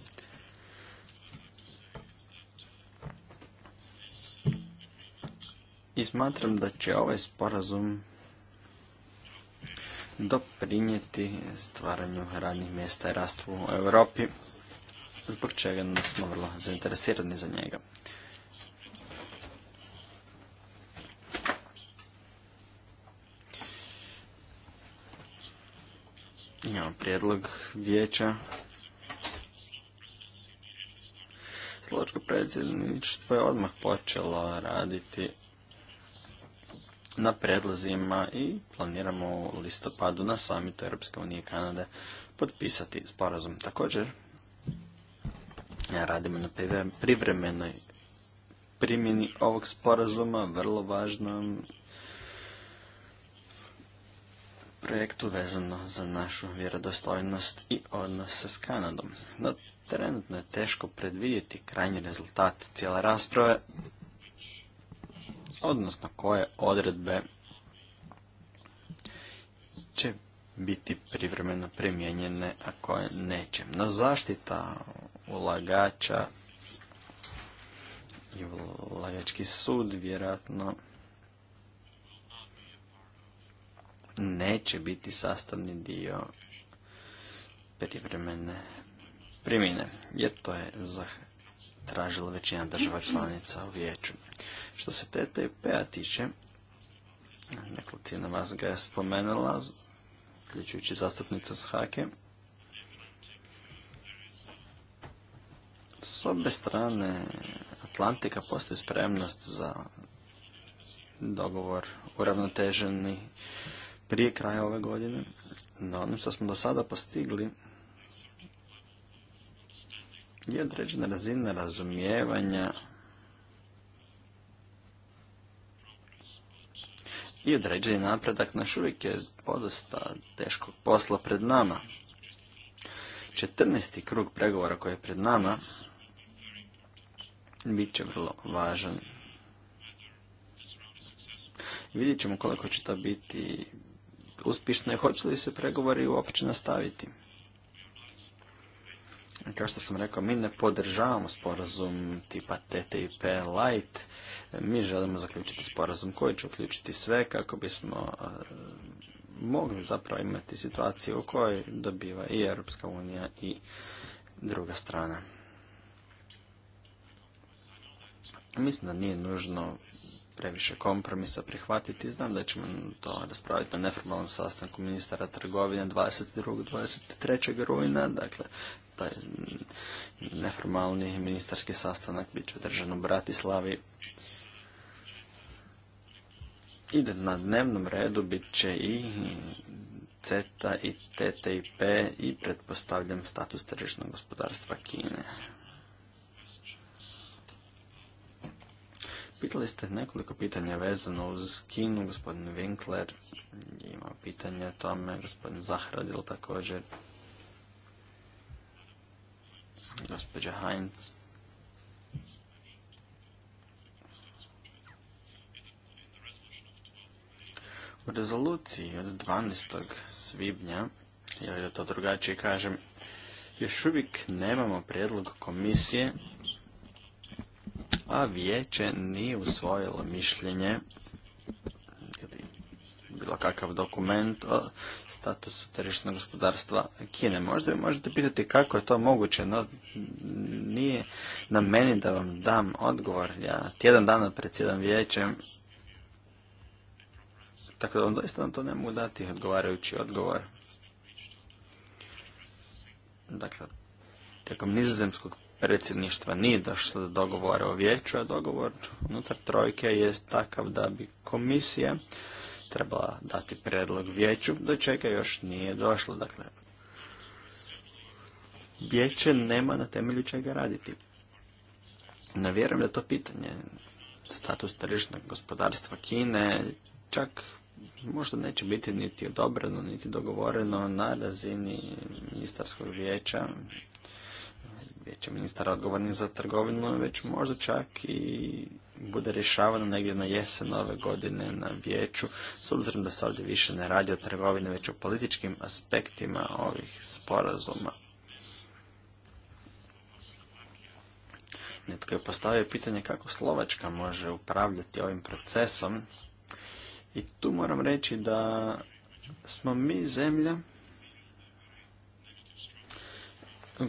I smatram da će ovaj sporazum doprinijeti stvaranju radnih mjesta i rastu u Europi, zbog čega smo vrlo zainteresirani za njega. Imamo prijedlog vijeća. Slovačko predsjedništvo je odmah počelo raditi na predlazima i planiramo u listopadu na samitu Europske unije i Kanade potpisati sporazum. Također, radimo na privremenoj primjeni ovog sporazuma, vrlo važnom projektu vezano za našu vjerodostojnost i odnose s Kanadom. No, trenutno je teško predvidjeti krajnji rezultat cijele rasprave, odnosno koje odredbe će biti privremeno primijenjene, a koje neće. No zaštita ulagača i ulagački sud vjerojatno neće biti sastavni dio privremene primjene, jer to je tražila većina država članica u vijeću. Što se ttp a tiče, nekolicina vas ga je spomenula, uključujući zastupnica s Hake. S obje strane Atlantika postoji spremnost za dogovor uravnoteženi prije kraja ove godine. No ono što smo do sada postigli je određena razina razumijevanja i određeni napredak naš uvijek je podosta teškog posla pred nama. 14. krug pregovora koji je pred nama bit će vrlo važan. Vidjet ćemo koliko će to biti uspješno i hoće li se pregovori uopće nastaviti. Kao što sam rekao, mi ne podržavamo sporazum tipa TTIP light. Mi želimo zaključiti sporazum koji će uključiti sve kako bismo mogli zapravo imati situaciju u kojoj dobiva i Europska unija i druga strana. Mislim da nije nužno previše kompromisa prihvatiti. Znam da ćemo to raspraviti na neformalnom sastanku ministara trgovine 22. 23. rujna. Dakle, taj neformalni ministarski sastanak bit će održan u Bratislavi. I na dnevnom redu bit će i CETA i TTIP i pretpostavljam status tržišnog gospodarstva Kine. Pitali ste nekoliko pitanja vezano uz Kinu, gospodin Winkler je imao pitanje o tome, gospodin Zahradil također. Gospođa Heinz. U rezoluciji od 12. svibnja, ili da to drugačije kažem, još uvijek nemamo prijedlog komisije, a vijeće nije usvojilo mišljenje bilo kakav dokument o statusu tržišnog gospodarstva Kine. Možda vi možete pitati kako je to moguće, no nije na meni da vam dam odgovor. Ja tjedan dana predsjedam vijećem, tako da vam doista na to ne mogu dati odgovarajući odgovor. Dakle, tijekom nizozemskog predsjedništva nije došlo do dogovora o vijeću, a dogovor unutar trojke je takav da bi komisija trebala dati predlog vijeću, do čega još nije došlo. Dakle, vijeće nema na temelju čega raditi. Ne vjerujem da to pitanje status tržišnog gospodarstva Kine čak možda neće biti niti odobreno, niti dogovoreno na razini ministarskog vijeća, Vijeće ministara odgovornih za trgovinu, već možda čak i bude rješavano negdje na jesen ove godine na vijeću, s obzirom da se ovdje više ne radi o trgovini, već o političkim aspektima ovih sporazuma. Netko je postavio pitanje kako Slovačka može upravljati ovim procesom i tu moram reći da smo mi zemlja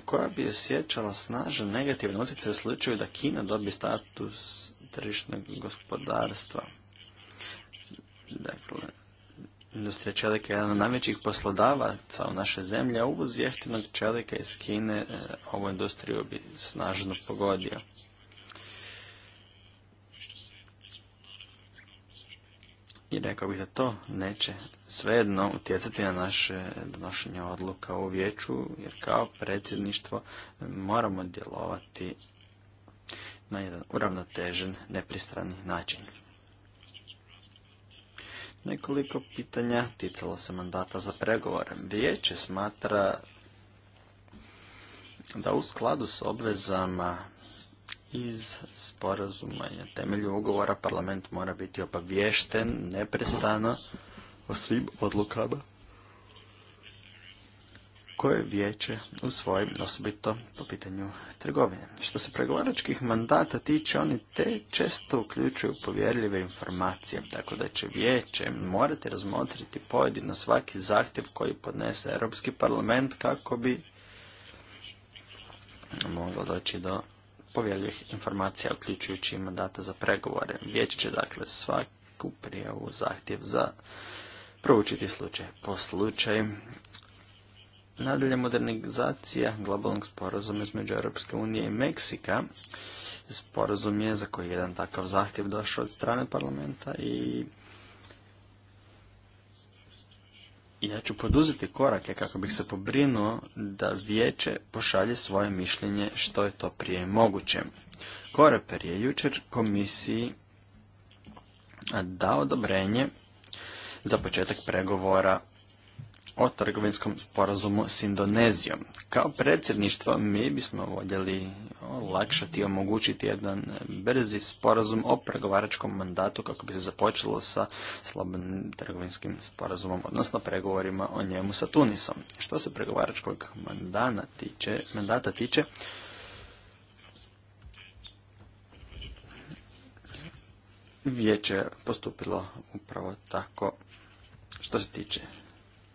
koja bi osjećala snažan negativan utjecaj u slučaju da Kina dobije status tržišnog gospodarstva. Dakle, industrija čelika je jedan od najvećih poslodavaca u naše zemlje, a uvoz jeftinog čelika iz Kine e, ovu industriju bi snažno pogodio. I rekao bih da to neće svejedno utjecati na naše donošenje odluka u vijeću, jer kao predsjedništvo moramo djelovati na jedan uravnotežen, nepristrani način. Nekoliko pitanja ticalo se mandata za pregovore. Vijeće smatra da u skladu s obvezama iz sporazuma temelju ugovora parlament mora biti opavješten, neprestano o svim odlukama koje vijeće u svojim osobito po pitanju trgovine. Što se pregovaračkih mandata tiče, oni te često uključuju povjerljive informacije, tako da će vijeće morati razmotriti pojedino svaki zahtjev koji podnese Europski parlament kako bi moglo doći do povjerljivih informacija, uključujući i mandata za pregovore. Vijeće će dakle svaku prijavu zahtjev za proučiti slučaj po slučaj Nadalje, modernizacija globalnog sporazuma između Europske unije i Meksika. Sporazum je za koji je jedan takav zahtjev došao od strane parlamenta i ja ću poduzeti korake kako bih se pobrinuo da vijeće pošalje svoje mišljenje što je to prije moguće. Koreper je jučer komisiji dao odobrenje za početak pregovora o trgovinskom sporazumu s Indonezijom. Kao predsjedništvo mi bismo voljeli olakšati i omogućiti jedan brzi sporazum o pregovaračkom mandatu kako bi se započelo sa slobodnim trgovinskim sporazumom, odnosno pregovorima o njemu sa Tunisom. Što se pregovaračkog mandana tiče, mandata tiče, vijeće je postupilo upravo tako što se tiče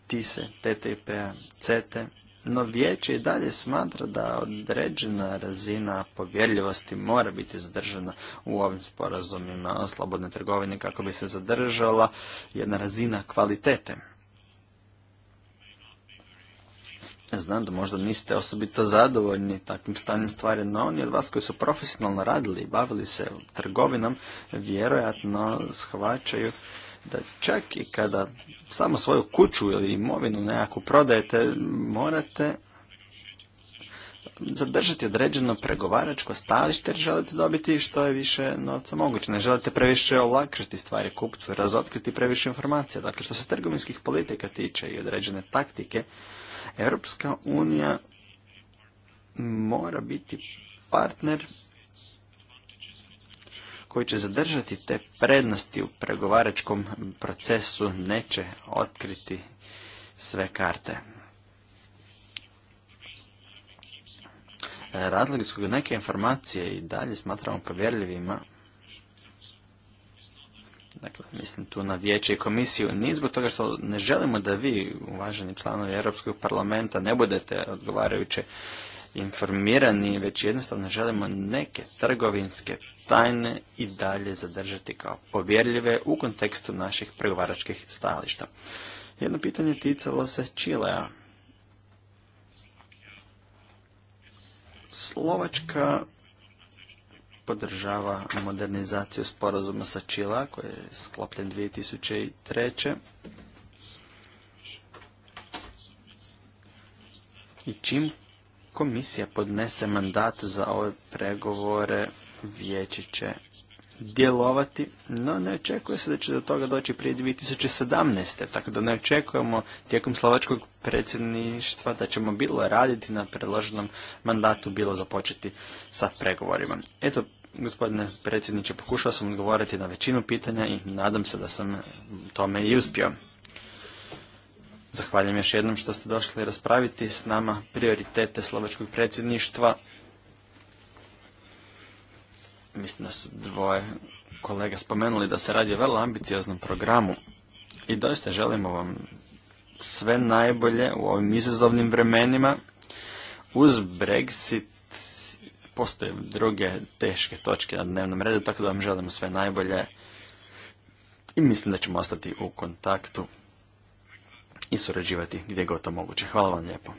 TISE, TTIP-a, no vijeće i dalje smatra da određena razina povjerljivosti mora biti zadržana u ovim sporazumima o slobodnoj trgovini kako bi se zadržala jedna razina kvalitete. Znam da možda niste osobito zadovoljni takvim stanjem stvari, no oni od vas koji su profesionalno radili i bavili se trgovinom, vjerojatno shvaćaju da čak i kada samo svoju kuću ili imovinu nekako prodajete, morate zadržati određeno pregovaračko stajalište jer želite dobiti što je više novca moguće. Ne želite previše olakriti stvari kupcu, razotkriti previše informacija. Dakle, što se trgovinskih politika tiče i određene taktike, Europska unija mora biti partner koji će zadržati te prednosti u pregovaračkom procesu neće otkriti sve karte. E, Razlog iz neke informacije i dalje smatramo povjerljivima, dakle, mislim tu na vijeće i komisiju, ni zbog toga što ne želimo da vi, uvaženi članovi Europskog parlamenta, ne budete odgovarajuće informirani, već jednostavno želimo neke trgovinske tajne i dalje zadržati kao povjerljive u kontekstu naših pregovaračkih stajališta. Jedno pitanje ticalo se Čilea. Slovačka podržava modernizaciju sporazuma sa Čila koji je sklopljen 2003. I čim komisija podnese mandat za ove pregovore, vijeće će djelovati, no ne očekuje se da će do toga doći prije 2017. Tako da ne očekujemo tijekom slovačkog predsjedništva da ćemo bilo raditi na predloženom mandatu, bilo započeti sa pregovorima. Eto, gospodine predsjedniče, pokušao sam odgovoriti na većinu pitanja i nadam se da sam tome i uspio. Zahvaljujem još jednom što ste došli raspraviti s nama prioritete slovačkog predsjedništva. Mislim da su dvoje kolega spomenuli da se radi o vrlo ambicioznom programu i doista želimo vam sve najbolje u ovim izazovnim vremenima. Uz Brexit postoje druge teške točke na dnevnom redu, tako da vam želimo sve najbolje i mislim da ćemo ostati u kontaktu i surađivati gdje god to moguće. Hvala vam lijepo.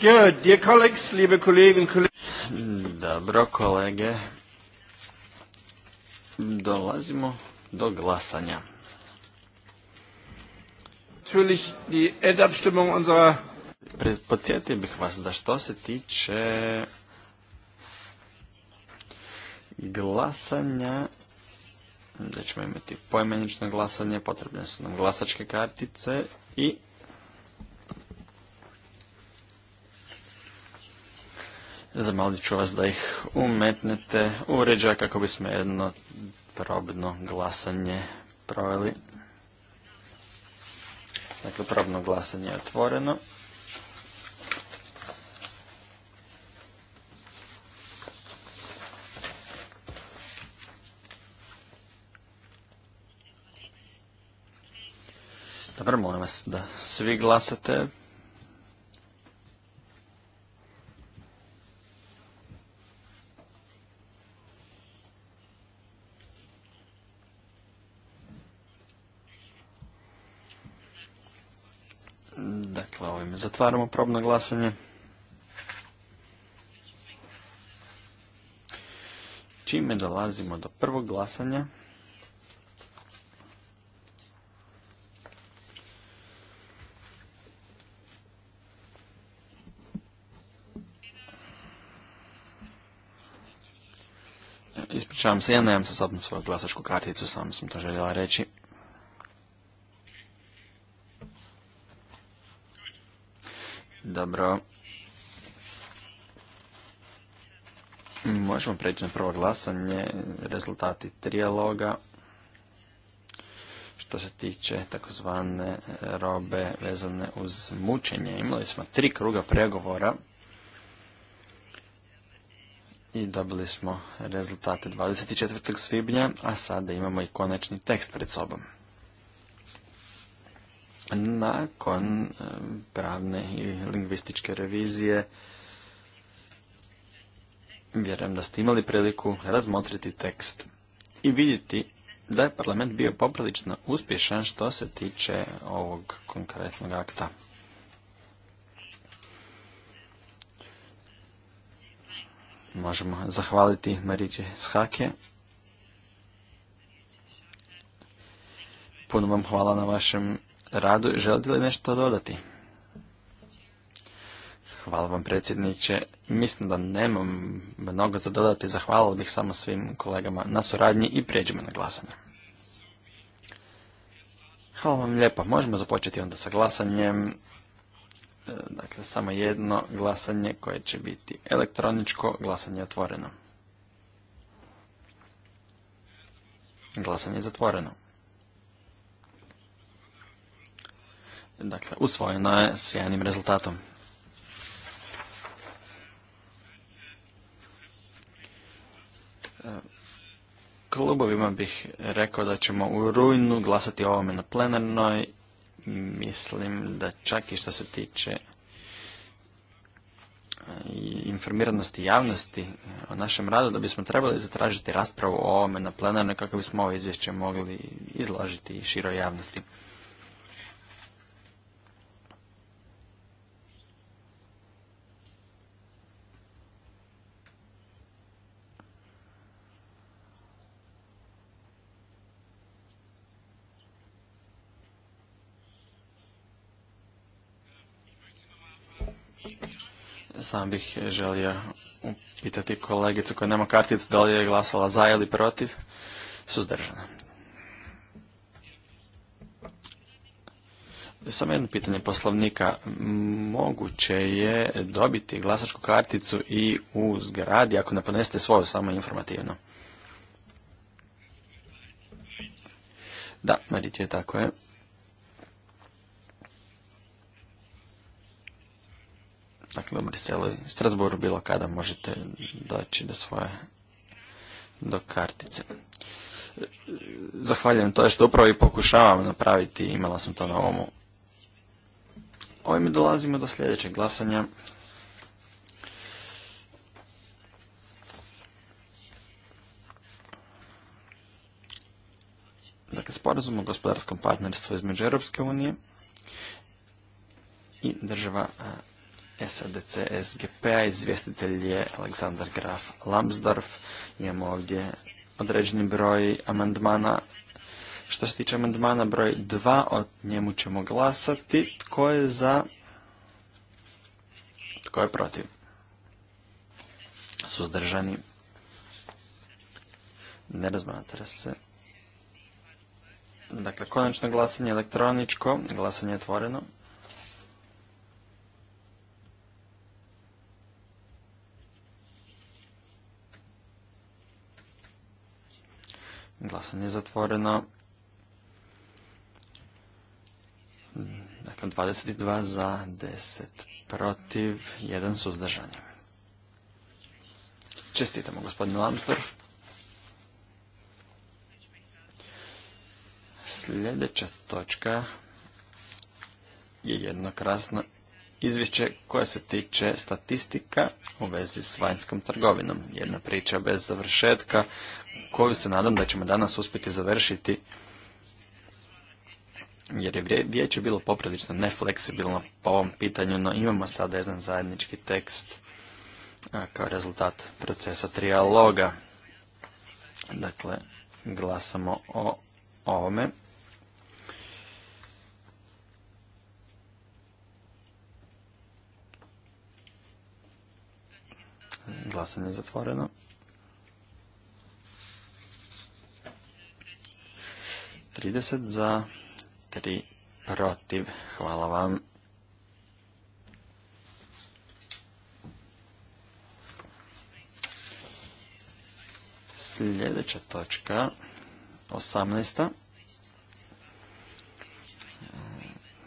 Good, dear colleagues, liebe Kollegen, Dobro, kolege. Dolazimo do glasanja. Natürlich die Endabstimmung unserer... Podsjetio bih vas da što se tiče glasanja da ćemo imati pojmenično glasanje, potrebne su nam glasačke kartice i Zamolit ću vas da ih umetnete u uređaj kako bismo jedno probno glasanje proveli. Dakle, probno glasanje je otvoreno. Dobro, molim vas da svi glasate. Otvaramo probno glasanje. Čime dolazimo do prvog glasanja, Ispričavam se, ja nemam sa sobom svoju glasačku karticu, samo sam to željela reći. Dobro. Možemo preći na prvo glasanje, rezultati trijaloga. Što se tiče takozvane robe vezane uz mučenje, imali smo tri kruga pregovora i dobili smo rezultate 24. svibnja, a sada imamo i konačni tekst pred sobom. Nakon eh, pravne i lingvističke revizije vjerujem da ste imali priliku razmotriti tekst i vidjeti da je parlament bio poprilično uspješan što se tiče ovog konkretnog akta. Možemo zahvaliti Mariće Shake. Puno vam hvala na vašem radu. Želite li nešto dodati? Hvala vam predsjedniče. Mislim da nemam mnogo za dodati. Zahvalio bih samo svim kolegama na suradnji i prijeđemo na glasanje. Hvala vam lijepo. Možemo započeti onda sa glasanjem. E, dakle, samo jedno glasanje koje će biti elektroničko. Glasanje je otvoreno. Glasanje je zatvoreno. Dakle, usvojena je s jednim rezultatom. E, klubovima bih rekao da ćemo u rujnu glasati o ovome na plenarnoj. Mislim da čak i što se tiče e, informiranosti javnosti e, o našem radu, da bismo trebali zatražiti raspravu o ovome na plenarnoj kako bismo ovo izvješće mogli izložiti široj javnosti. Sam bih želio upitati kolegicu koja nema karticu da li je glasala za ili protiv. Suzdržana. Samo jedno pitanje poslovnika. Moguće je dobiti glasačku karticu i u zgradi ako ne ponesete svoju samo informativno. Da, Marić je tako je. dakle u Briselu i Strasburu bilo kada možete doći do svoje do kartice. Zahvaljujem to što upravo i pokušavam napraviti, imala sam to na omu. Ovime dolazimo do sljedećeg glasanja. Dakle, sporazum o gospodarskom partnerstvu između Europske unije i država SADC SGP-a, izvjestitelj je Aleksandar Graf Lambsdorf. Imamo ovdje određeni broj amandmana. Što se tiče amandmana broj 2, od njemu ćemo glasati. Tko je za? Tko je protiv? Suzdržani? Ne razmatra se. Dakle, konačno glasanje elektroničko. Glasanje je otvoreno. Glasanje je zatvoreno. Dakle, 22 za, 10 protiv, 1 suzdržan. Čestitamo gospodin Lamsdorf. Sljedeća točka je jednokrasno izvješće koje se tiče statistika u vezi s vanjskom trgovinom. Jedna priča bez završetka koju se nadam da ćemo danas uspjeti završiti jer je vijeće bilo poprilično nefleksibilno po ovom pitanju, no imamo sada jedan zajednički tekst kao rezultat procesa trialoga Dakle, glasamo o ovome. Glasanje je zatvoreno. 30 za, 3 protiv. Hvala vam. Sljedeća točka, 18.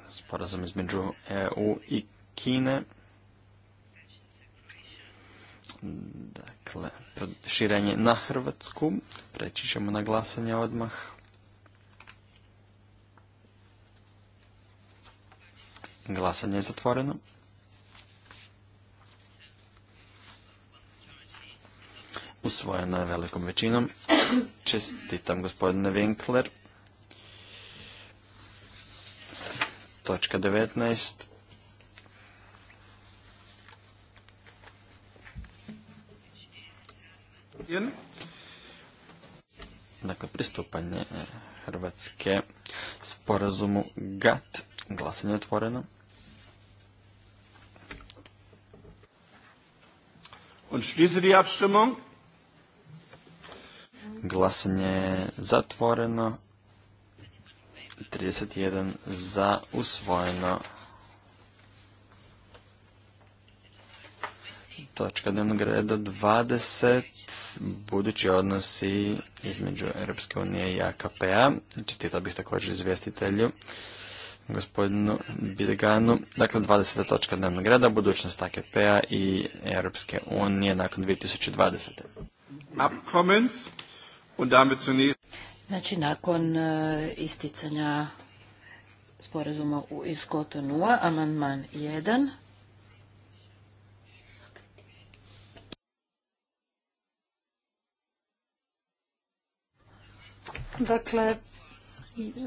Sporazum između EU i Kine. Dakle, širenje na Hrvatsku. Preći ćemo na glasanje odmah. Glasanje je zatvoreno. Usvojeno je velikom većinom. Čestitam gospodine Winkler. Točka 19. Dakle, pristupanje Hrvatske sporazumu GATT Glasanje je otvoreno. Und schließe die Abstimmung. Glasanje je zatvoreno. 31 za usvojeno. Točka dnevnog reda 20. Budući odnosi između Europske unije i AKP-a. Čestitao bih također izvjestitelju gospodinu Birganu. Dakle, 20. točka dnevnog reda, budućnost AKP-a i Europske unije nakon 2020. und damit zunächst... Znači, nakon e, isticanja sporazuma u Nua, amandman 1, Dakle,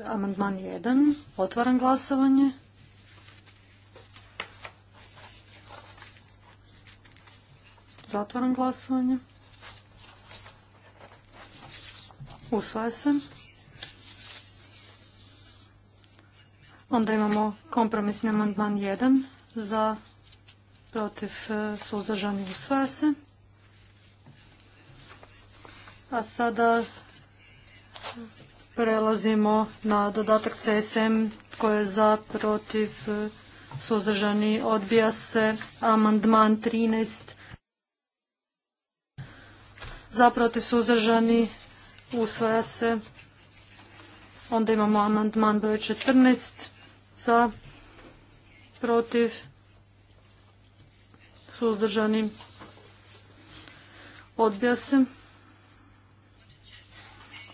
Amandman 1. Otvaram glasovanje. Zatvaram glasovanje. Usvaja se. Onda imamo kompromisni amandman 1 za protiv e, suzdržani usvaja se. A sada Prelazimo na dodatak CSM koji je za, protiv, suzdržani, odbija se. Amandman 13. Za, protiv, suzdržani, usvaja se. Onda imamo amandman broj 14. Za, protiv, suzdržani, odbija se.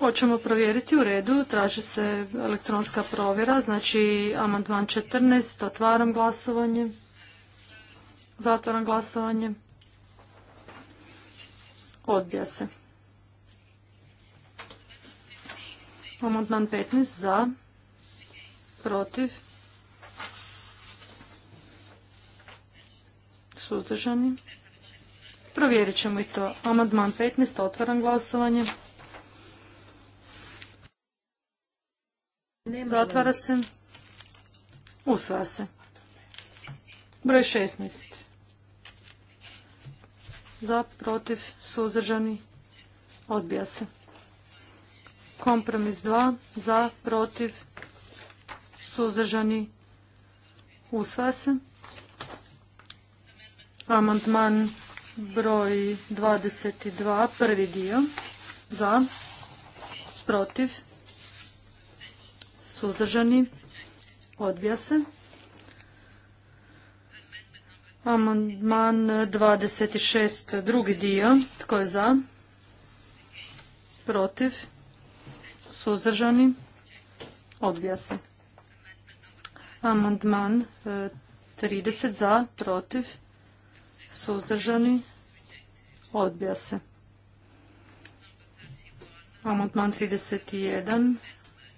Hoćemo provjeriti u redu, traži se elektronska provjera, znači amandman 14, otvaram glasovanje, zatvaram glasovanje, odbija se. Amandman 15 za, protiv, suzdržani. Provjerit ćemo i to. Amandman 15, otvaram glasovanje. Zatvara se. Usvaja se. Broj 16. Za, protiv, suzdržani, odbija se. Kompromis 2. Za, protiv, suzdržani, usvaja se. Amandman broj 22, prvi dio. Za, protiv, Suzdržani? Odbija se. Amandman 26. Drugi dio. Tko je za? Protiv? Suzdržani? Odbija se. Amandman 30. E, za? Protiv? Suzdržani? Odbija se. Amandman 31.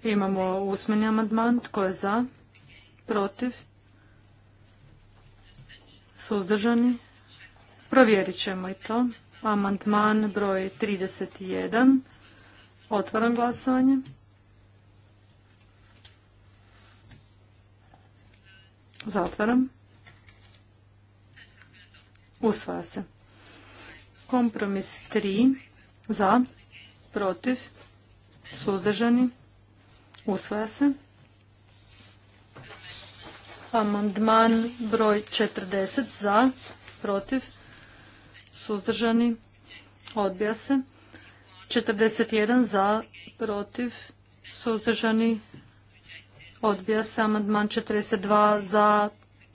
Imamo usmeni amandman. Tko je za? Protiv? Suzdržani? Provjerit ćemo i to. Amandman broj 31. Otvaram glasovanje. Zatvaram. Usvaja se. Kompromis 3. Za. Protiv. Suzdržani. Usvaja se. Amandman broj 40 za, protiv, suzdržani, odbija se. 41 za, protiv, suzdržani, odbija se. Amandman 42 za,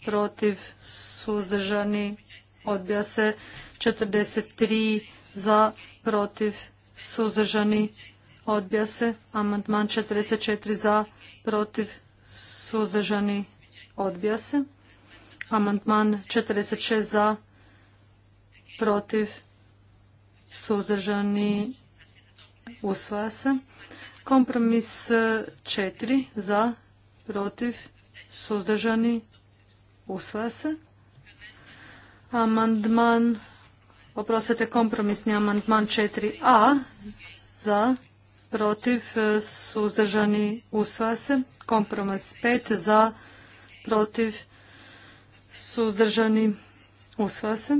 protiv, suzdržani, odbija se. 43 za, protiv, suzdržani, Odbija se. Amandman 44 za, protiv, suzdržani. Odbija se. Amandman 46 za, protiv, suzdržani. Usvaja se. Kompromis 4 za, protiv, suzdržani. Usvaja se. Amandman, oprostite, kompromisni amandman 4a za, protiv, e, suzdržani, u se. Kompromis 5 za, protiv, suzdržani, u se.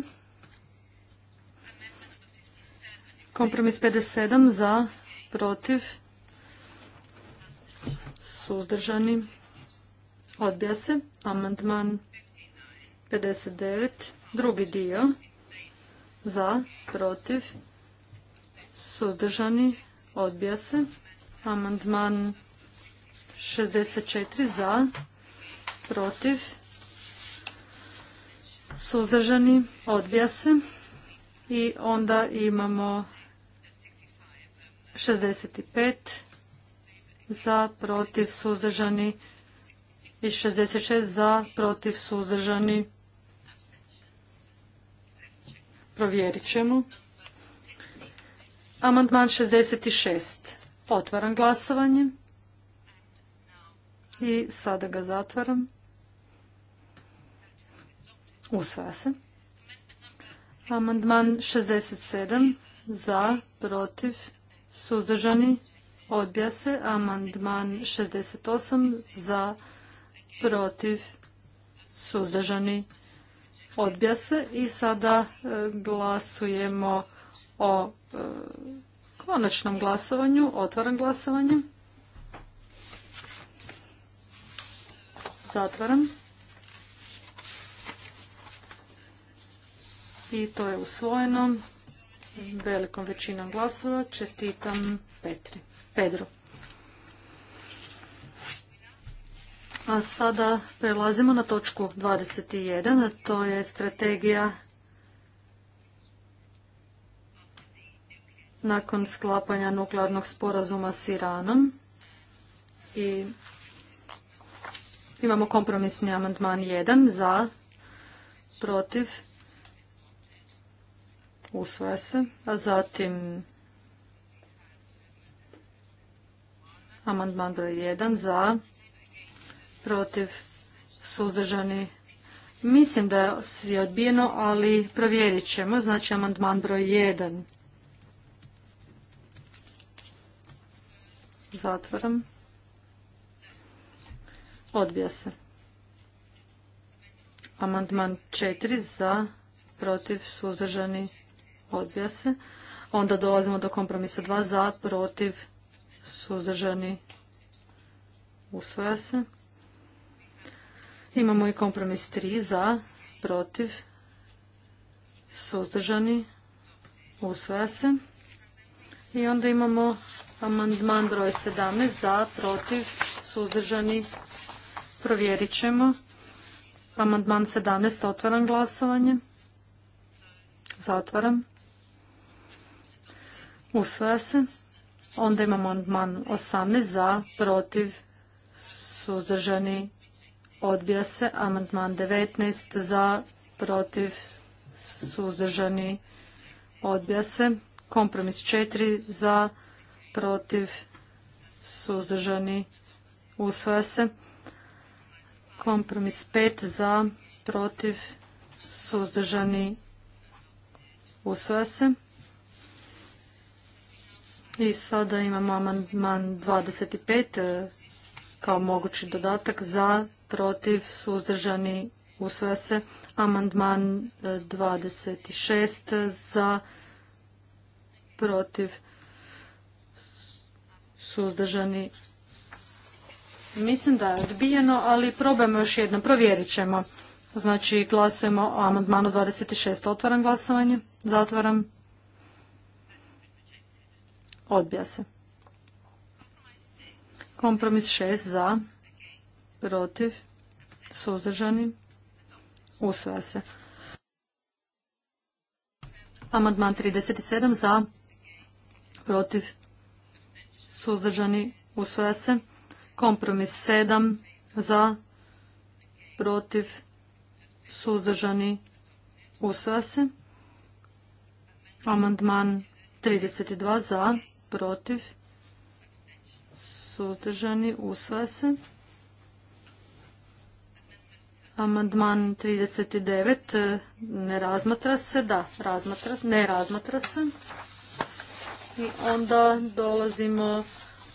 Kompromis 57 za, protiv, suzdržani, odbija se. Amandman 59, drugi dio, za, protiv, suzdržani, Odbija se. Amandman 64 za, protiv, suzdržani, odbija se. I onda imamo 65 za, protiv, suzdržani i 66 za, protiv, suzdržani. Provjerit ćemo. Amandman 66. Otvaram glasovanje. I sada ga zatvaram. Usvaja se. Amandman 67. Za, protiv, suzdržani. Odbija se. Amandman 68. Za, protiv, suzdržani. Odbija se. I sada e, glasujemo o konačnom glasovanju. Otvaram glasovanje. Zatvaram. I to je usvojeno velikom većinom glasova. Čestitam Petri. Pedro. A sada prelazimo na točku 21, a to je strategija nakon sklapanja nuklearnog sporazuma s Iranom i imamo kompromisni amandman 1 za, protiv, usvoja se, a zatim amandman broj 1 za, protiv, suzdržani, mislim da je odbijeno, ali provjerit ćemo, znači amandman broj 1. Zatvaram. Odbija se. Amandman četiri za, protiv, suzdržani, odbija se. Onda dolazimo do kompromisa dva za, protiv, suzdržani, usvoja se. Imamo i kompromis tri za, protiv, suzdržani, usvoja se. I onda imamo Amandman broj 17 za, protiv, suzdržani. Provjerit ćemo. Amandman 17. Otvaram glasovanje. Zatvaram. Usvoja se. Onda imamo amandman 18 za, protiv, suzdržani. Odbija se. Amandman 19 za, protiv, suzdržani. Odbija se. Kompromis 4 za, protiv, suzdržani, usvoja se. Kompromis 5 za, protiv, suzdržani, usvoja se. I sada imamo amandman 25 e, kao mogući dodatak za, protiv, suzdržani, usvoja se. Amandman 26 e, za, protiv, suzdržani. Mislim da je odbijeno, ali probajmo još jednom, provjerit ćemo. Znači glasujemo o amandmanu 26. Otvaram glasovanje, zatvaram. Odbija se. Kompromis 6 za, protiv, suzdržani, usvaja se. Amandman 37 za, protiv, suzdržani, usvoja se. Kompromis 7 za, protiv, suzdržani, usvoja se. Amandman 32 za, protiv, suzdržani, usvoja se. Amandman 39 ne razmatra se, da, razmatra, ne razmatra se. I onda dolazimo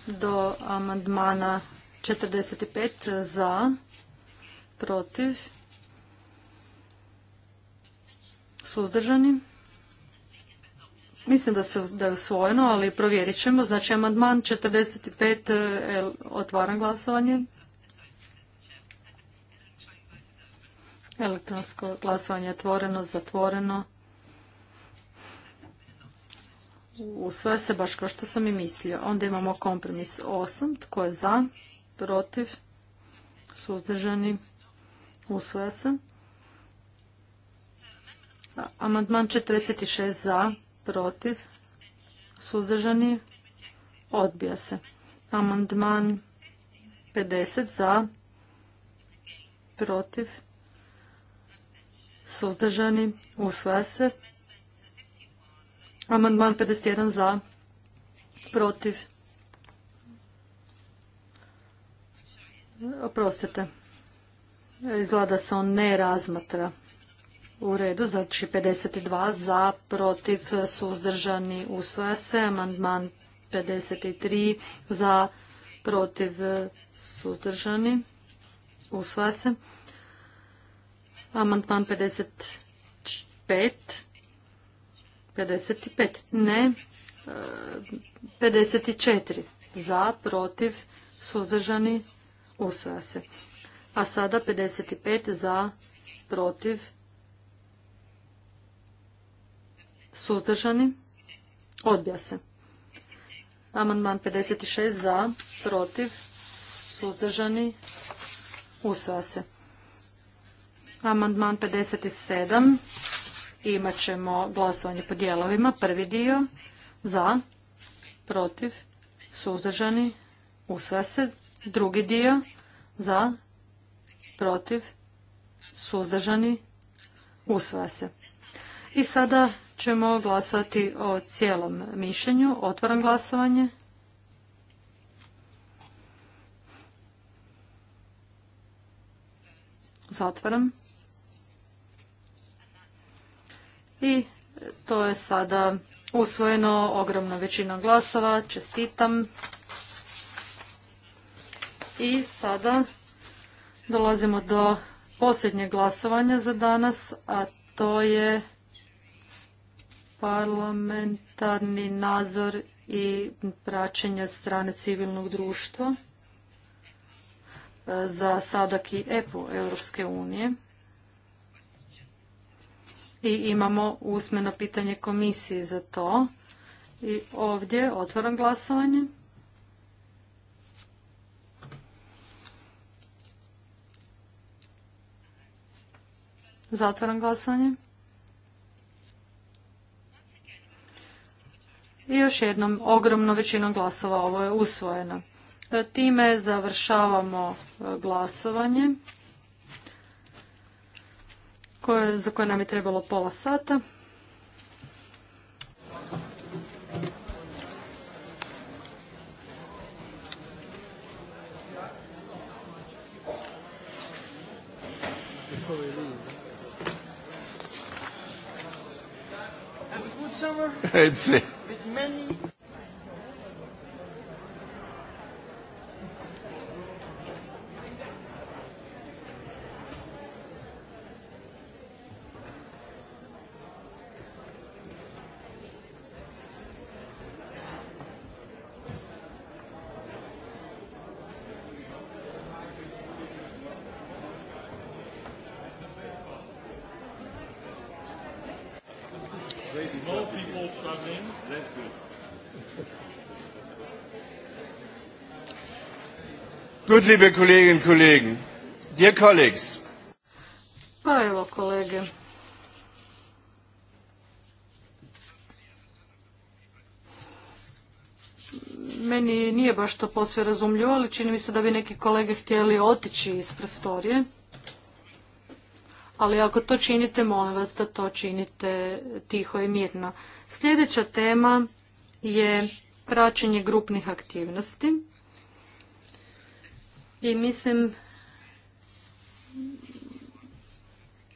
do amandmana 45 za, protiv, suzdržani. Mislim da, se, je usvojeno, ali provjerit ćemo. Znači, amandman 45, e, otvaram glasovanje. Elektronsko glasovanje je otvoreno, zatvoreno. Usvaja se baš kao što sam i mislio. Onda imamo kompromis 8. Tko je za? Protiv? Suzdržani? Usvaja se. Amandman 46 za, protiv, suzdržani, odbija se. Amandman 50 za, protiv, suzdržani, usvaja se. Amandman 51 za, protiv. Oprostite. Izgleda se on ne razmatra. U redu, znači 52 za, protiv, suzdržani, usvaja se. Amandman 53 za, protiv, suzdržani, usvaja se. Amandman 55 55 ne, 54 e, za, protiv, suzdržani, usvaja se. A sada 55 za, protiv, suzdržani, odbija se. Amandman 56 za, protiv, suzdržani, usvaja se. Amandman 57 Imat ćemo glasovanje po dijelovima. Prvi dio za, protiv, suzdržani, usvaja se. Drugi dio za, protiv, suzdržani, usvaja se. I sada ćemo glasovati o cijelom mišljenju. Otvaram glasovanje. Zatvaram. i to je sada usvojeno ogromna većina glasova. Čestitam. I sada dolazimo do posljednjeg glasovanja za danas, a to je parlamentarni nadzor i praćenje strane civilnog društva e, za sadak i EPU Europske unije i imamo usmeno pitanje komisiji za to. I ovdje otvaram glasovanje. Zatvaram glasovanje. I još jednom ogromno većinom glasova ovo je usvojeno. Time završavamo e, glasovanje za koje nam je trebalo pola sata. summer. Good, liebe Kolleginnen und Kollegen, dear colleagues. Pa evo kolege. Meni nije baš to posve razumljivo, ali čini mi se da bi neki kolege htjeli otići iz prostorije. Ali ako to činite, molim vas da to činite tiho i mirno. Sljedeća tema je praćenje grupnih aktivnosti. I mislim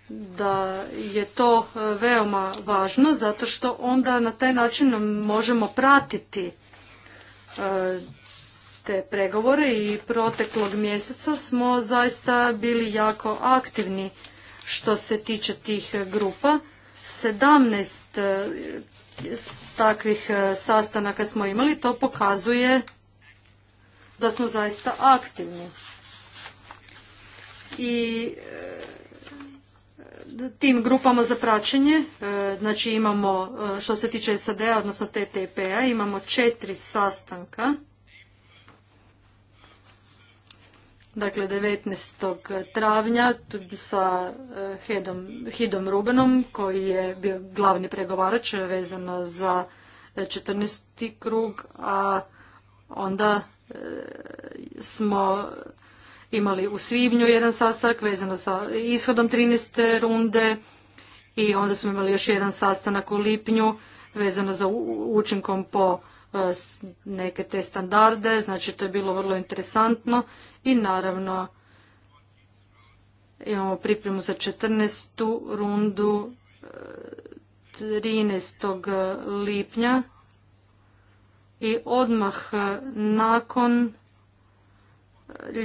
da je to e, veoma važno zato što onda na taj način možemo pratiti e, te pregovore i proteklog mjeseca smo zaista bili jako aktivni što se tiče tih grupa. 17 e, takvih sastanaka smo imali, to pokazuje da smo zaista aktivni. I e, tim grupama za praćenje, e, znači imamo e, što se tiče SAD-a, odnosno ttp a imamo četiri sastanka. Dakle, 19. travnja sa Hidom Rubenom, koji je bio glavni pregovarač vezano za 14. krug, a onda smo imali u Svibnju jedan sastanak vezano sa ishodom 13. runde i onda smo imali još jedan sastanak u lipnju vezano za učinkom po e, neke te standarde, znači to je bilo vrlo interesantno i naravno imamo pripremu za 14. rundu 13. E, lipnja i odmah e, nakon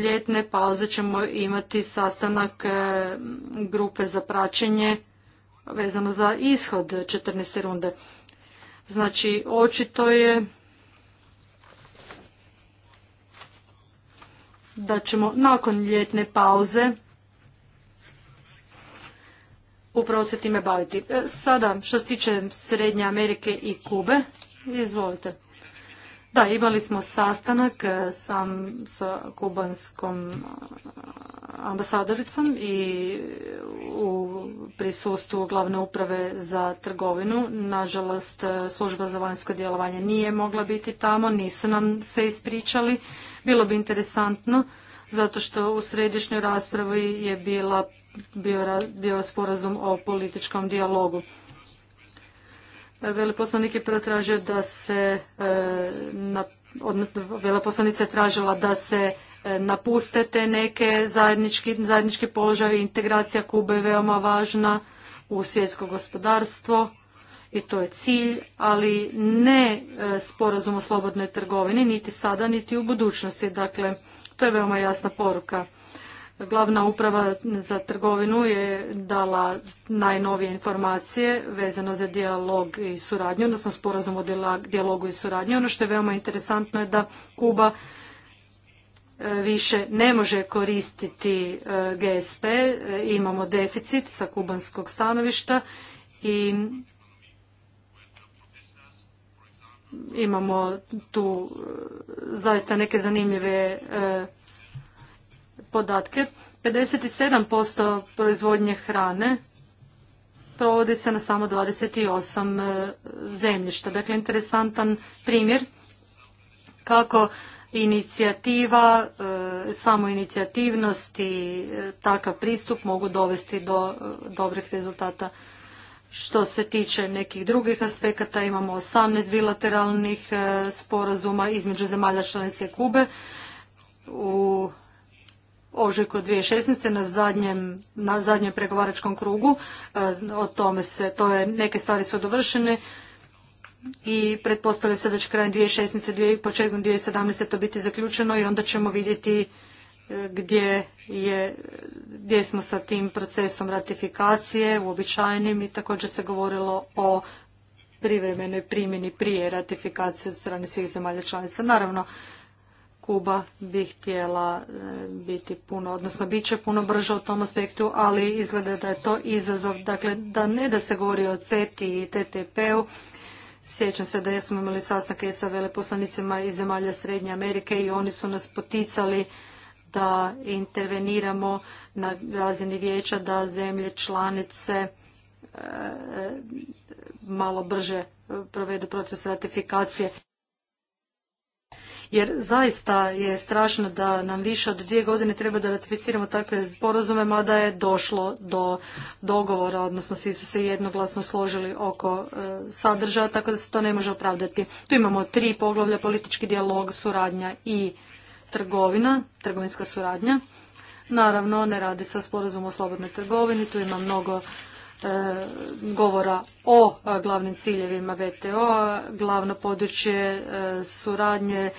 ljetne pauze ćemo imati sastanak e, grupe za praćenje vezano za ishod 14. runde. Znači, očito je da ćemo nakon ljetne pauze upravo se time baviti. E, sada, što se tiče Srednje Amerike i Kube, izvolite. Da, imali smo sastanak e, sam sa kubanskom e, ambasadoricom i u prisustvu glavne uprave za trgovinu. Nažalost, e, služba za vanjsko djelovanje nije mogla biti tamo, nisu nam se ispričali. Bilo bi interesantno zato što u središnjoj raspravi je bila, bio, bio sporazum o političkom dijalogu veleposlanik je protražio da se e, na veleposlanica je tražila da se e, napuste te neke zajednički, zajednički Integracija Kube je veoma važna u svjetsko gospodarstvo i to je cilj, ali ne e, sporazum o slobodnoj trgovini, niti sada, niti u budućnosti. Dakle, to je veoma jasna poruka. Glavna uprava za trgovinu je dala najnovije informacije vezano za dijalog i suradnju, odnosno sporazum o dijalogu i suradnji. Ono što je veoma interesantno je da Kuba e, više ne može koristiti e, GSP, e, imamo deficit sa kubanskog stanovišta i imamo tu zaista neke zanimljive podatke, 57% proizvodnje hrane provodi se na samo 28 e, zemljišta. Dakle, interesantan primjer kako inicijativa, e, inicijativnost i e, takav pristup mogu dovesti do dobrih rezultata. Što se tiče nekih drugih aspekata, imamo 18 bilateralnih sporazuma između zemalja članice Kube u ožujku 2016. na zadnjem, na zadnjem pregovaračkom krugu. E, o tome se, to je, neke stvari su dovršene i pretpostavlja se da će krajem 2016. i početkom 2017. to biti zaključeno i onda ćemo vidjeti e, gdje, je, gdje smo sa tim procesom ratifikacije uobičajenim i također se govorilo o privremenoj primjeni prije ratifikacije od strane svih zemalja članica. Naravno, Kuba bi htjela e, biti puno, odnosno bit će puno brže u tom aspektu, ali izgleda da je to izazov. Dakle, da ne da se govori o CETI i TTP-u, Sjećam se da smo imali sastanke sa veleposlanicima iz zemalja Srednje Amerike i oni su nas poticali da interveniramo na razini vijeća da zemlje članice e, malo brže provedu proces ratifikacije jer zaista je strašno da nam više od dvije godine treba da ratificiramo takve sporazume, mada je došlo do dogovora, odnosno svi su se jednoglasno složili oko e, sadržaja, tako da se to ne može opravdati. Tu imamo tri poglavlja, politički dijalog, suradnja i trgovina, trgovinska suradnja. Naravno, ne radi se o sporazumu o slobodnoj trgovini, tu ima mnogo e, govora o e, glavnim ciljevima VTO, glavno područje suradnje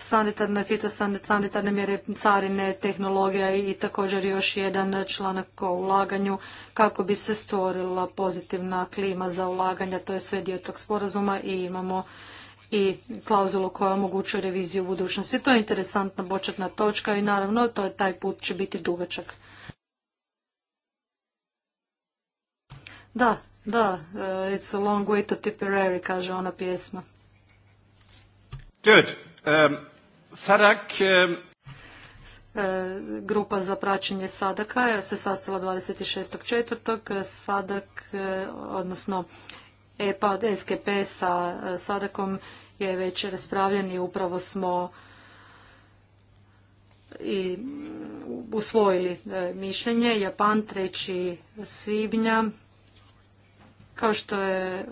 sanitarne, fitosanitarne mjere, carine, tehnologija i također još jedan članak o ulaganju kako bi se stvorila pozitivna klima za ulaganja. To je sve dio tog sporazuma i imamo i klauzulu koja omogućuje reviziju u budućnosti. To je interesantna početna točka i naravno to je, taj put će biti dugačak. Da, da, eh, it's a long way to Tipperary, kaže ona pjesma. Um, Sadak... Eh, e, grupa za praćenje Sadaka se sastala 26.4. E, Sadak, e, odnosno EPA, SKP sa Sadakom je već raspravljen i upravo smo i mm, usvojili mišljenje. Japan 3. svibnja kao što je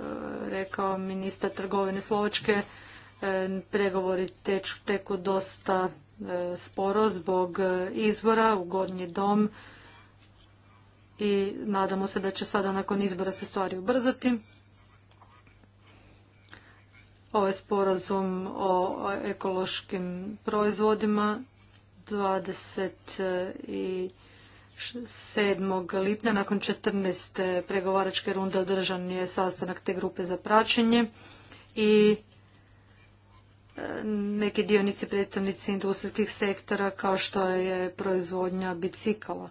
rekao ministar trgovine Slovačke, E, pregovori teku dosta e, sporo zbog e, izbora u Gornji dom i nadamo se da će sada nakon izbora se stvari ubrzati. Ovaj sporazum o ekološkim proizvodima 27. lipnja nakon 14. pregovaračke runde održan je sastanak te grupe za praćenje i neki dionici predstavnici industrijskih sektora kao što je proizvodnja bicikala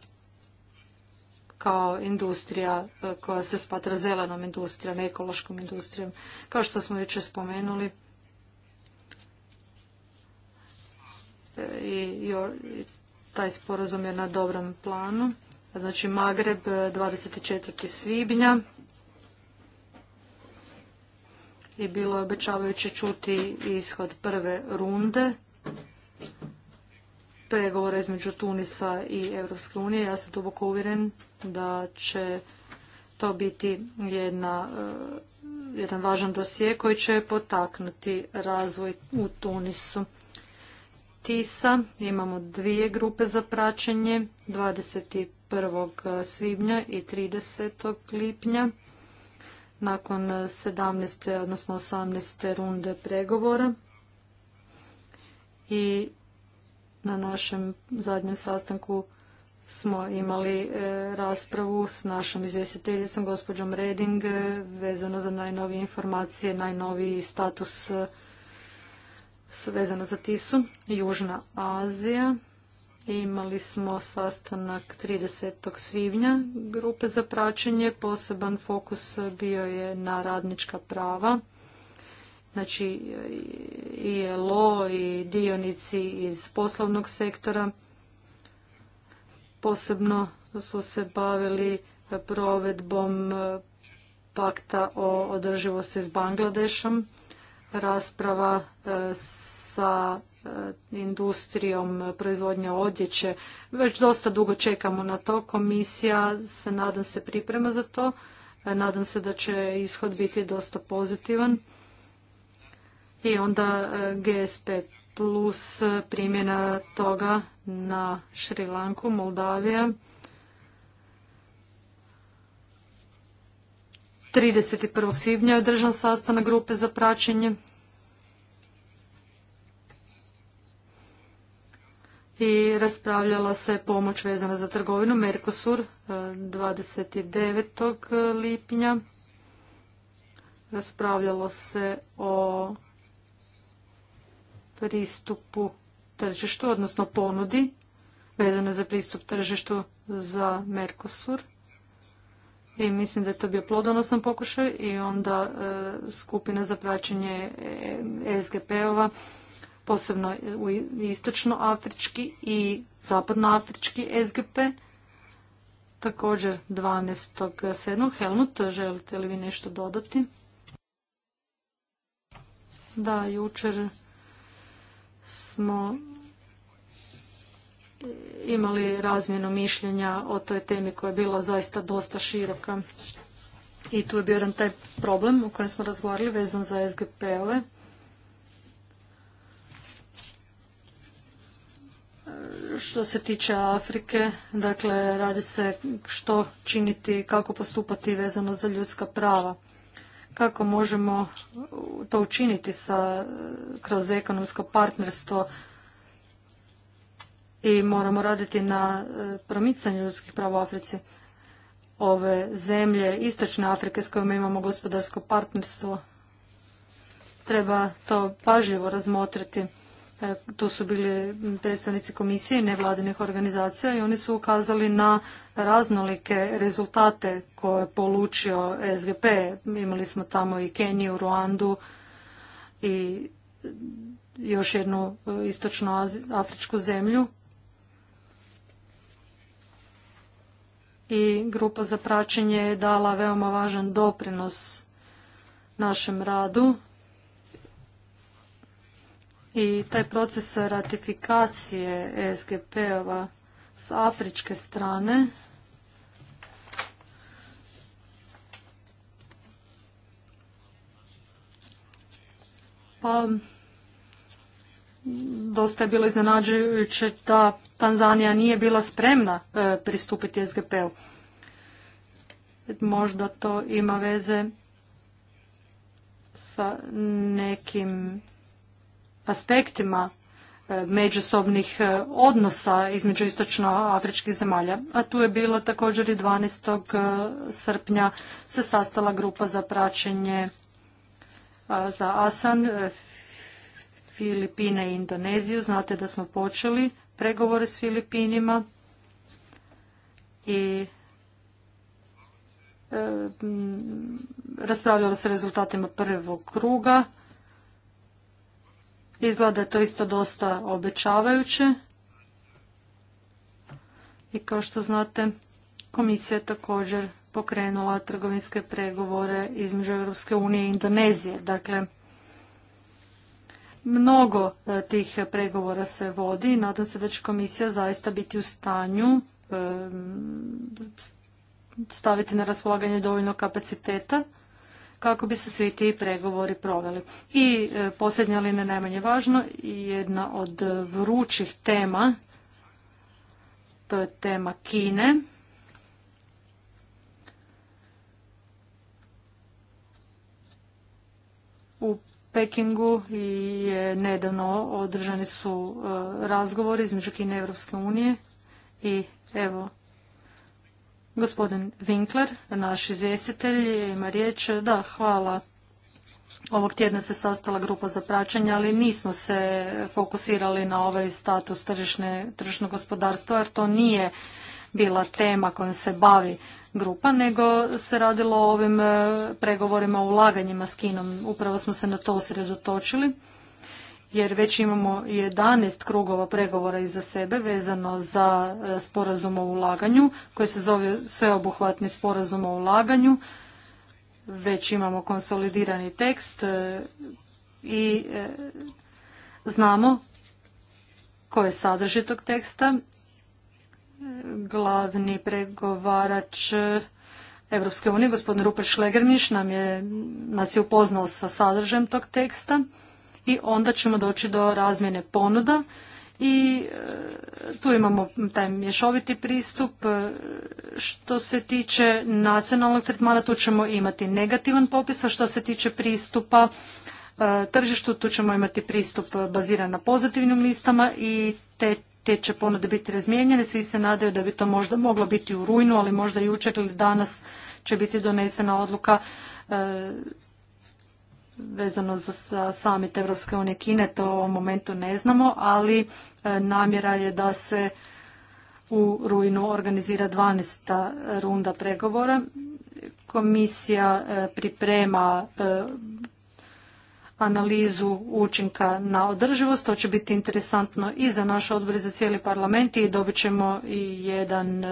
kao industrija e, koja se spatra zelenom industrijom, ekološkom industrijom. Kao što smo jučer spomenuli, e, i taj sporazum je na dobrom planu. Znači Magreb 24. svibnja, i bilo je obećavajuće čuti ishod prve runde pregovora između Tunisa i Europske unije. Ja sam duboko uvjeren da će to biti jedna, eh, jedan važan dosije koji će potaknuti razvoj u Tunisu. TISA imamo dvije grupe za praćenje, 21. svibnja i 30. lipnja nakon 17. odnosno 18. runde pregovora i na našem zadnjem sastanku smo imali e, raspravu s našom izvjestiteljicom, gospođom Reding, e, vezano za najnovije informacije, najnoviji status e, vezano za TISU, Južna Azija. Imali smo sastanak 30. svibnja grupe za praćenje. Poseban fokus bio je na radnička prava. Znači i LO i dionici iz poslovnog sektora. Posebno su se bavili provedbom pakta o održivosti s Bangladešom. Rasprava e, sa E, industrijom e, proizvodnje odjeće. Već dosta dugo čekamo na to. Komisija se nadam se priprema za to. E, nadam se da će ishod biti dosta pozitivan. I onda GSP plus primjena toga na Šrilanku, Moldavija. 31. svibnja je održan sastanak grupe za praćenje i raspravljala se pomoć vezana za trgovinu Mercosur 29. Eh, lipnja. Raspravljalo se o pristupu tržištu, odnosno ponudi vezane za pristup tržištu za Mercosur. I mislim da je to bio plodonosan pokušaj i onda eh, skupina za praćenje eh, SGP-ova posebno u istočnoafrički i zapadnoafrički SGP. Također 12.7. Helmut, želite li vi nešto dodati? Da, jučer smo imali razmjenu mišljenja o toj temi koja je bila zaista dosta široka. I tu je bio jedan taj problem o kojem smo razgovarali vezan za SGP-ove. Što se tiče Afrike, dakle radi se što činiti, kako postupati vezano za ljudska prava. Kako možemo to učiniti sa, kroz ekonomsko partnerstvo i moramo raditi na e, promicanju ljudskih prava u Africi. Ove zemlje Istočne Afrike s kojima imamo gospodarsko partnerstvo treba to pažljivo razmotriti E, tu su bili predstavnici komisije i nevladinih organizacija i oni su ukazali na raznolike rezultate koje je polučio SGP. Imali smo tamo i Keniju, Ruandu i još jednu e, istočno afričku zemlju. I grupa za praćenje je dala veoma važan doprinos našem radu i taj proces ratifikacije e SGP-ova s afričke strane Pa, dosta je bilo iznenađujuće da Tanzanija nije bila spremna e, pristupiti e SGP-u. Možda to ima veze sa nekim aspektima e, međusobnih e, odnosa između istočnoafričkih zemalja. A tu je bilo također i 12. E, srpnja se sastala grupa za praćenje za ASAN, Filipine i Indoneziju. Znate da smo počeli pregovore s Filipinima i raspravljalo se rezultatima prvog kruga Izgleda to isto dosta obećavajuće. I kao što znate, komisija je također pokrenula trgovinske pregovore između Europske unije i Indonezije. Dakle, mnogo e, tih pregovora se vodi i nadam se da će komisija zaista biti u stanju e, staviti na raspolaganje dovoljno kapaciteta kako bi se svi ti pregovori proveli. I e, posljednja ali ne najmanje važno, jedna od vrućih tema, to je tema Kine. U Pekingu je nedavno održani su e, razgovori između Kine i Europske unije i evo Gospodin Winkler, naš izvjestitelj, ima riječ. Da, hvala. Ovog tjedna se sastala grupa za praćenje, ali nismo se fokusirali na ovaj status tržišne, tržišnog gospodarstva, jer to nije bila tema kojom se bavi grupa, nego se radilo o ovim eh, pregovorima o ulaganjima s Kinom. Upravo smo se na to usredotočili jer već imamo 11 krugova pregovora iza sebe vezano za e, sporazum o ulaganju koji se zove sveobuhvatni sporazum o ulaganju. Već imamo konsolidirani tekst e, i e, znamo koje je sadržaj tog teksta. Glavni pregovarač Evropske unije, gospodin Rupert Šlegermiš, nas je upoznao sa sadržajem tog teksta i onda ćemo doći do razmjene ponuda i e, tu imamo taj mješoviti pristup. E, što se tiče nacionalnog tretmana, tu ćemo imati negativan popis, a što se tiče pristupa e, tržištu, tu ćemo imati pristup baziran na pozitivnim listama i te, te će ponude biti razmijenjene. Svi se nadaju da bi to možda moglo biti u rujnu, ali možda jučer ili danas će biti donesena odluka vezano za samit Evropske unije Kine, to u ovom momentu ne znamo, ali e, namjera je da se u rujnu organizira 12. runda pregovora. Komisija e, priprema e, analizu učinka na održivost. To će biti interesantno i za naše odbor za cijeli parlament i dobit ćemo i jedan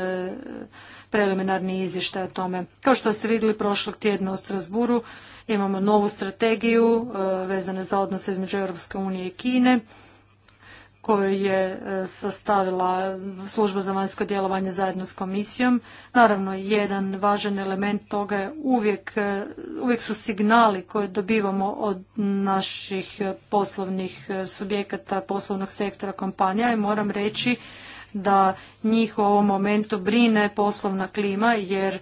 preliminarni izvještaj o tome. Kao što ste vidjeli prošlog tjedna u Strasburu, Imamo novu strategiju e, vezane za odnose između Europske unije i Kine koju je e, sastavila služba za vanjsko djelovanje zajedno s komisijom. Naravno, jedan važan element toga je uvijek, e, uvijek su signali koje dobivamo od naših poslovnih subjekata, poslovnog sektora kompanija i moram reći da njih u ovom momentu brine poslovna klima jer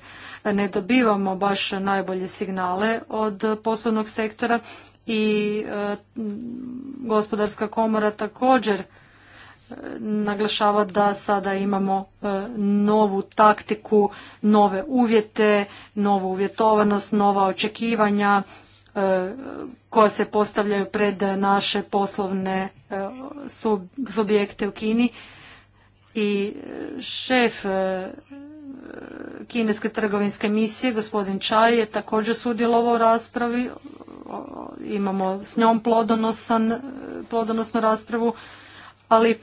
ne dobivamo baš najbolje signale od poslovnog sektora i e, gospodarska komora također e, naglašava da sada imamo e, novu taktiku, nove uvjete, novu uvjetovanost, nova očekivanja koja se postavljaju pred naše poslovne subjekte u Kini i šef kineske trgovinske misije, gospodin Čaj je također sudjelovao u raspravi, imamo s njom plodonosnu raspravu, ali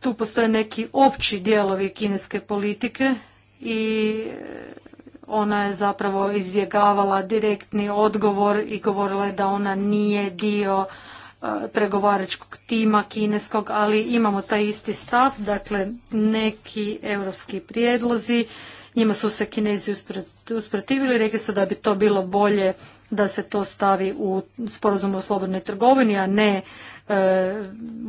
tu postoje neki opći dijelovi kineske politike i ona je zapravo izbjegavala direktni odgovor i govorila je da ona nije dio E, pregovaračkog tima kineskog, ali imamo taj isti stav, dakle neki europski prijedlozi, njima su se kinezi usprotivili, rekli su da bi to bilo bolje da se to stavi u sporazum o slobodnoj trgovini, a ne e,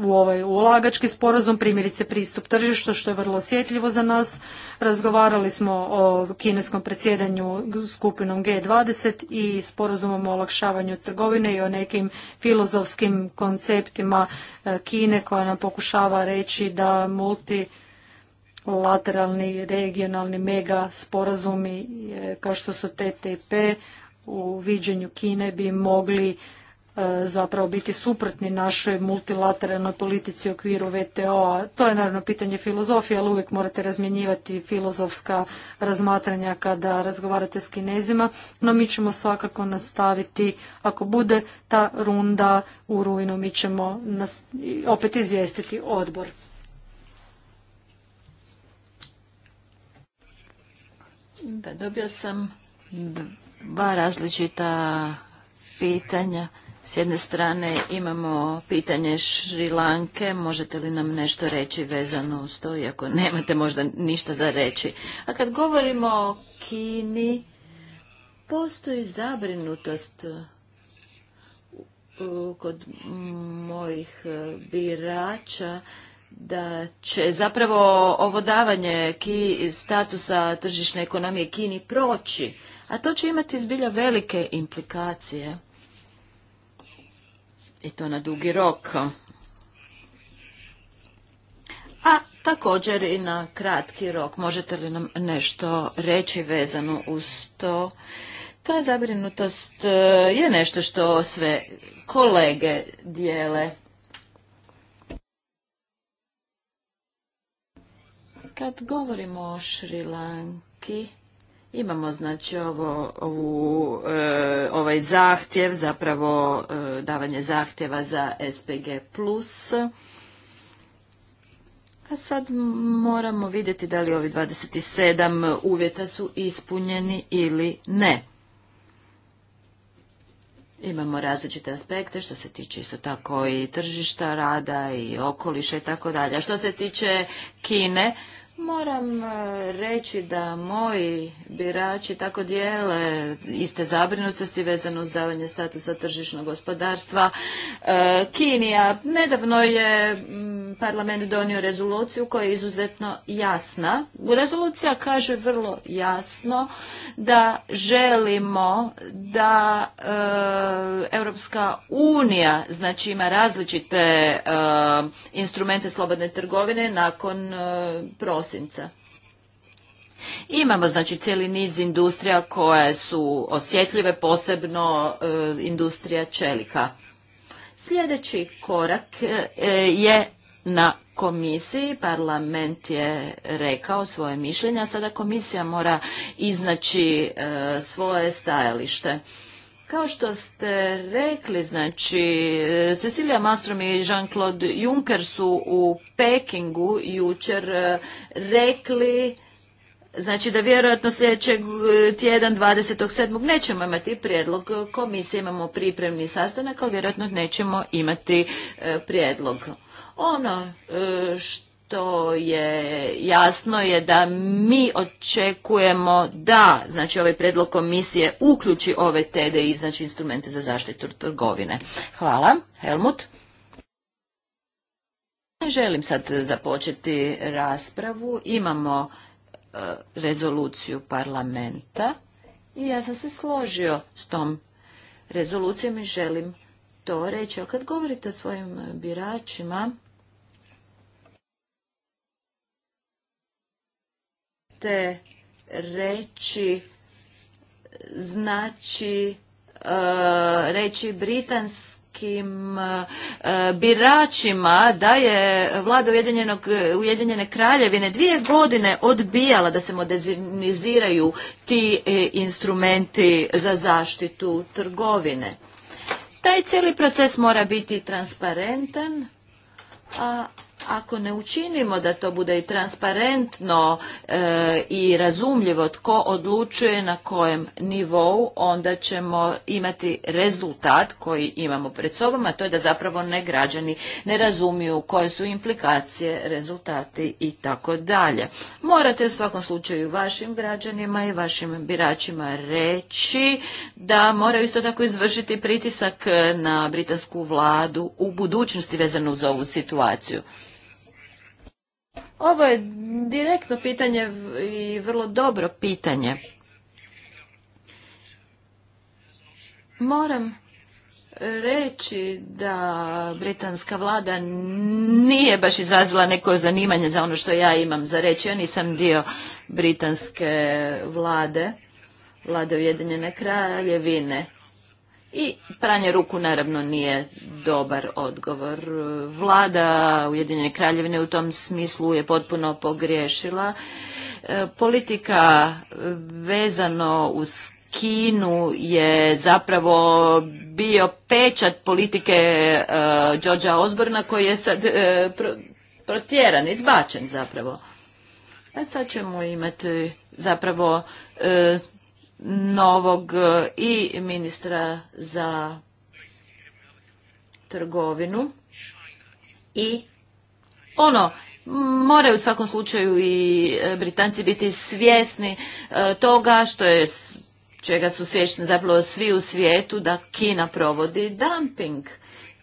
u ovaj ulagački sporazum, primjerice pristup tržištu, što je vrlo osjetljivo za nas. Razgovarali smo o kineskom predsjedanju skupinom G20 i sporazumom o olakšavanju trgovine i o nekim filozofskim konceptima e, Kine koja nam pokušava reći da multi lateralni, regionalni mega sporazumi e, kao što su TTP u viđenju Kine bi mogli e, zapravo biti suprotni našoj multilateralnoj politici u okviru VTO-a. To je naravno pitanje filozofije, ali uvijek morate razmjenjivati filozofska razmatranja kada razgovarate s kinezima, no mi ćemo svakako nastaviti, ako bude ta runda u rujnu, mi ćemo opet izvijestiti odbor. Da, dobio sam dva različita pitanja. S jedne strane imamo pitanje Šrilanke, možete li nam nešto reći vezano uz to, iako nemate možda ništa za reći. A kad govorimo o Kini, postoji zabrinutost uh, kod mojih uh, birača da će zapravo ovo davanje ki, statusa tržišne ekonomije Kini proći, a to će imati zbilja velike implikacije. I to na dugi rok. A također i na kratki rok. Možete li nam nešto reći vezano uz to? Ta zabrinutost e, je nešto što sve kolege dijele. Kad govorimo o Šrilanki, Imamo znači ovo, ovu, e, ovaj zahtjev, zapravo e, davanje zahtjeva za SPG+. A sad moramo vidjeti da li ovi 27 uvjeta su ispunjeni ili ne. Imamo različite aspekte što se tiče isto tako i tržišta rada i okoliša i tako dalje. što se tiče Kine, Moram e, reći da moji birači tako dijele iste zabrinutosti vezano uz davanje statusa tržišnog gospodarstva. E, Kinija nedavno je parlament donio rezoluciju koja je izuzetno jasna. Rezolucija kaže vrlo jasno da želimo da e, Europska unija znači ima različite instrumente slobodne trgovine nakon prostora prosinca. Imamo znači cijeli niz industrija koje su osjetljive, posebno e, industrija čelika. Sljedeći korak e, je na komisiji, parlament je rekao svoje a sada komisija mora iznaći e, svoje stajalište. Kao što ste rekli, znači, Cecilia Mastrom i Jean-Claude Juncker su u Pekingu jučer e, rekli Znači da vjerojatno sljedećeg e, tjedan 27. nećemo imati prijedlog komisije, imamo pripremni sastanak, ali vjerojatno nećemo imati e, prijedlog. Ono što to je jasno je da mi očekujemo da znači ovaj predlog komisije uključi ove i znači instrumente za zaštitu trgovine. Hvala. Helmut. Želim sad započeti raspravu. Imamo e, rezoluciju parlamenta i ja sam se složio s tom rezolucijom i želim to reći. Ali kad govorite o svojim biračima, želite reći znači e, reći britanskim e, biračima da je vlada Ujedinjene kraljevine dvije godine odbijala da se moderniziraju ti e, instrumenti za zaštitu trgovine. Taj cijeli proces mora biti transparentan, a ako ne učinimo da to bude i transparentno e, i razumljivo tko odlučuje na kojem nivou, onda ćemo imati rezultat koji imamo pred sobom, a to je da zapravo ne građani ne razumiju koje su implikacije, rezultati i tako dalje. Morate u svakom slučaju vašim građanima i vašim biračima reći da moraju isto tako izvršiti pritisak na britansku vladu u budućnosti vezano uz ovu situaciju. Ovo je direktno pitanje i vrlo dobro pitanje. Moram reći da britanska vlada nije baš izrazila neko zanimanje za ono što ja imam za reći. Ja nisam dio britanske vlade, vlade Ujedinjene kraljevine. I pranje ruku naravno nije dobar odgovor. Vlada Ujedinjene kraljevine u tom smislu je potpuno pogriješila. E, politika vezano uz Kinu je zapravo bio pečat politike Đođa e, Osborna koji je sad e, protjeran, izbačen zapravo. A sad ćemo imati zapravo novog e, i ministra za trgovinu i ono moraju u svakom slučaju i e, Britanci biti svjesni e, toga što je čega su svjesni zapravo svi u svijetu da Kina provodi dumping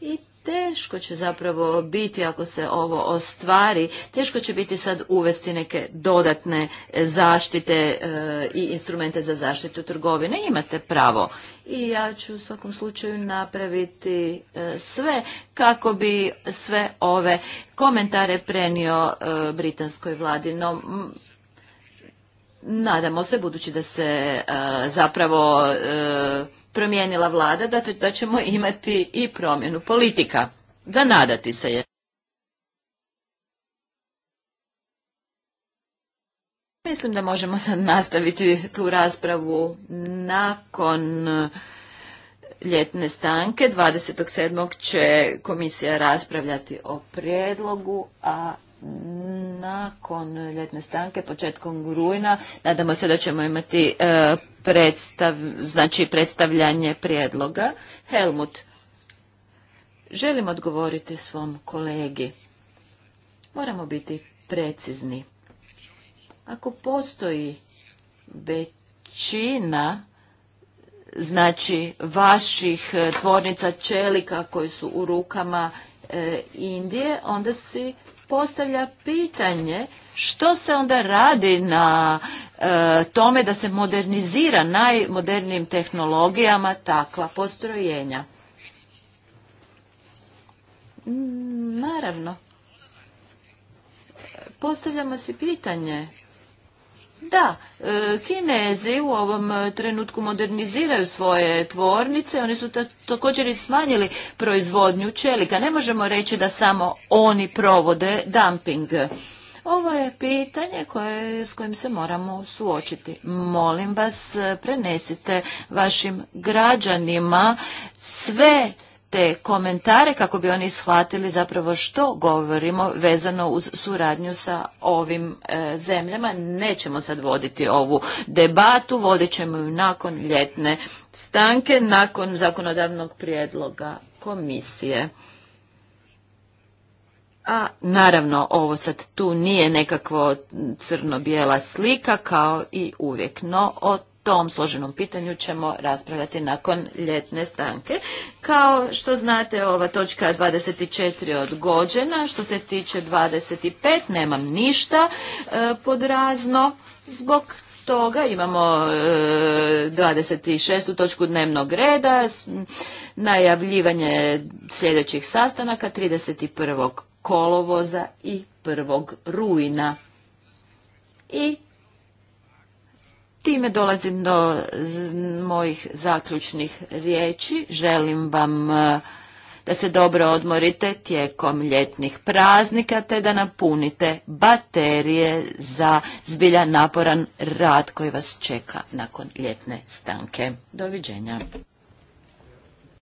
i teško će zapravo biti ako se ovo ostvari, teško će biti sad uvesti neke dodatne e, zaštite e, i instrumente za zaštitu trgovine. Imate pravo. I ja ću u svakom slučaju napraviti e, sve kako bi sve ove komentare prenio britanskoj vladi. No, nadamo se, budući da se zapravo promijenila vlada, da, da ćemo imati i promjenu politika. nadati se je. Mislim da možemo sad nastaviti tu raspravu nakon ljetne stanke. 27. će komisija raspravljati o prijedlogu, a nakon ljetne stanke, početkom rujna, nadamo se da ćemo imati e, predstav, znači predstavljanje prijedloga. Helmut, želim odgovoriti svom kolegi. Moramo biti precizni. Ako postoji većina znači vaših e, tvornica čelika koji su u rukama e, Indije, onda si postavlja pitanje što se onda radi na e, tome da se modernizira najmodernijim tehnologijama takva postrojenja. Naravno, postavljamo si pitanje da, e, Kinezi u ovom e, trenutku moderniziraju svoje tvornice, oni su također i smanjili proizvodnju čelika. Ne možemo reći da samo oni provode dumping. Ovo je pitanje koje, s kojim se moramo suočiti. Molim vas, e, prenesite vašim građanima sve te komentare kako bi oni shvatili zapravo što govorimo vezano uz suradnju sa ovim e, zemljama. Nećemo sad voditi ovu debatu, vodit ćemo ju nakon ljetne stanke, nakon zakonodavnog prijedloga komisije. A naravno ovo sad tu nije nekakvo crno-bijela slika kao i uvijek, no o tom složenom pitanju ćemo raspravljati nakon ljetne stanke. Kao što znate, ova točka 24 je odgođena. Što se tiče 25, nemam ništa e, podrazno zbog toga imamo e, 26. točku dnevnog reda, najavljivanje sljedećih sastanaka 31. kolovoza i 1. rujna. I Time dolazim do mojih zaključnih riječi. Želim vam e, da se dobro odmorite tijekom ljetnih praznika te da napunite baterije za zbilja naporan rad koji vas čeka nakon ljetne stanke. Doviđenja.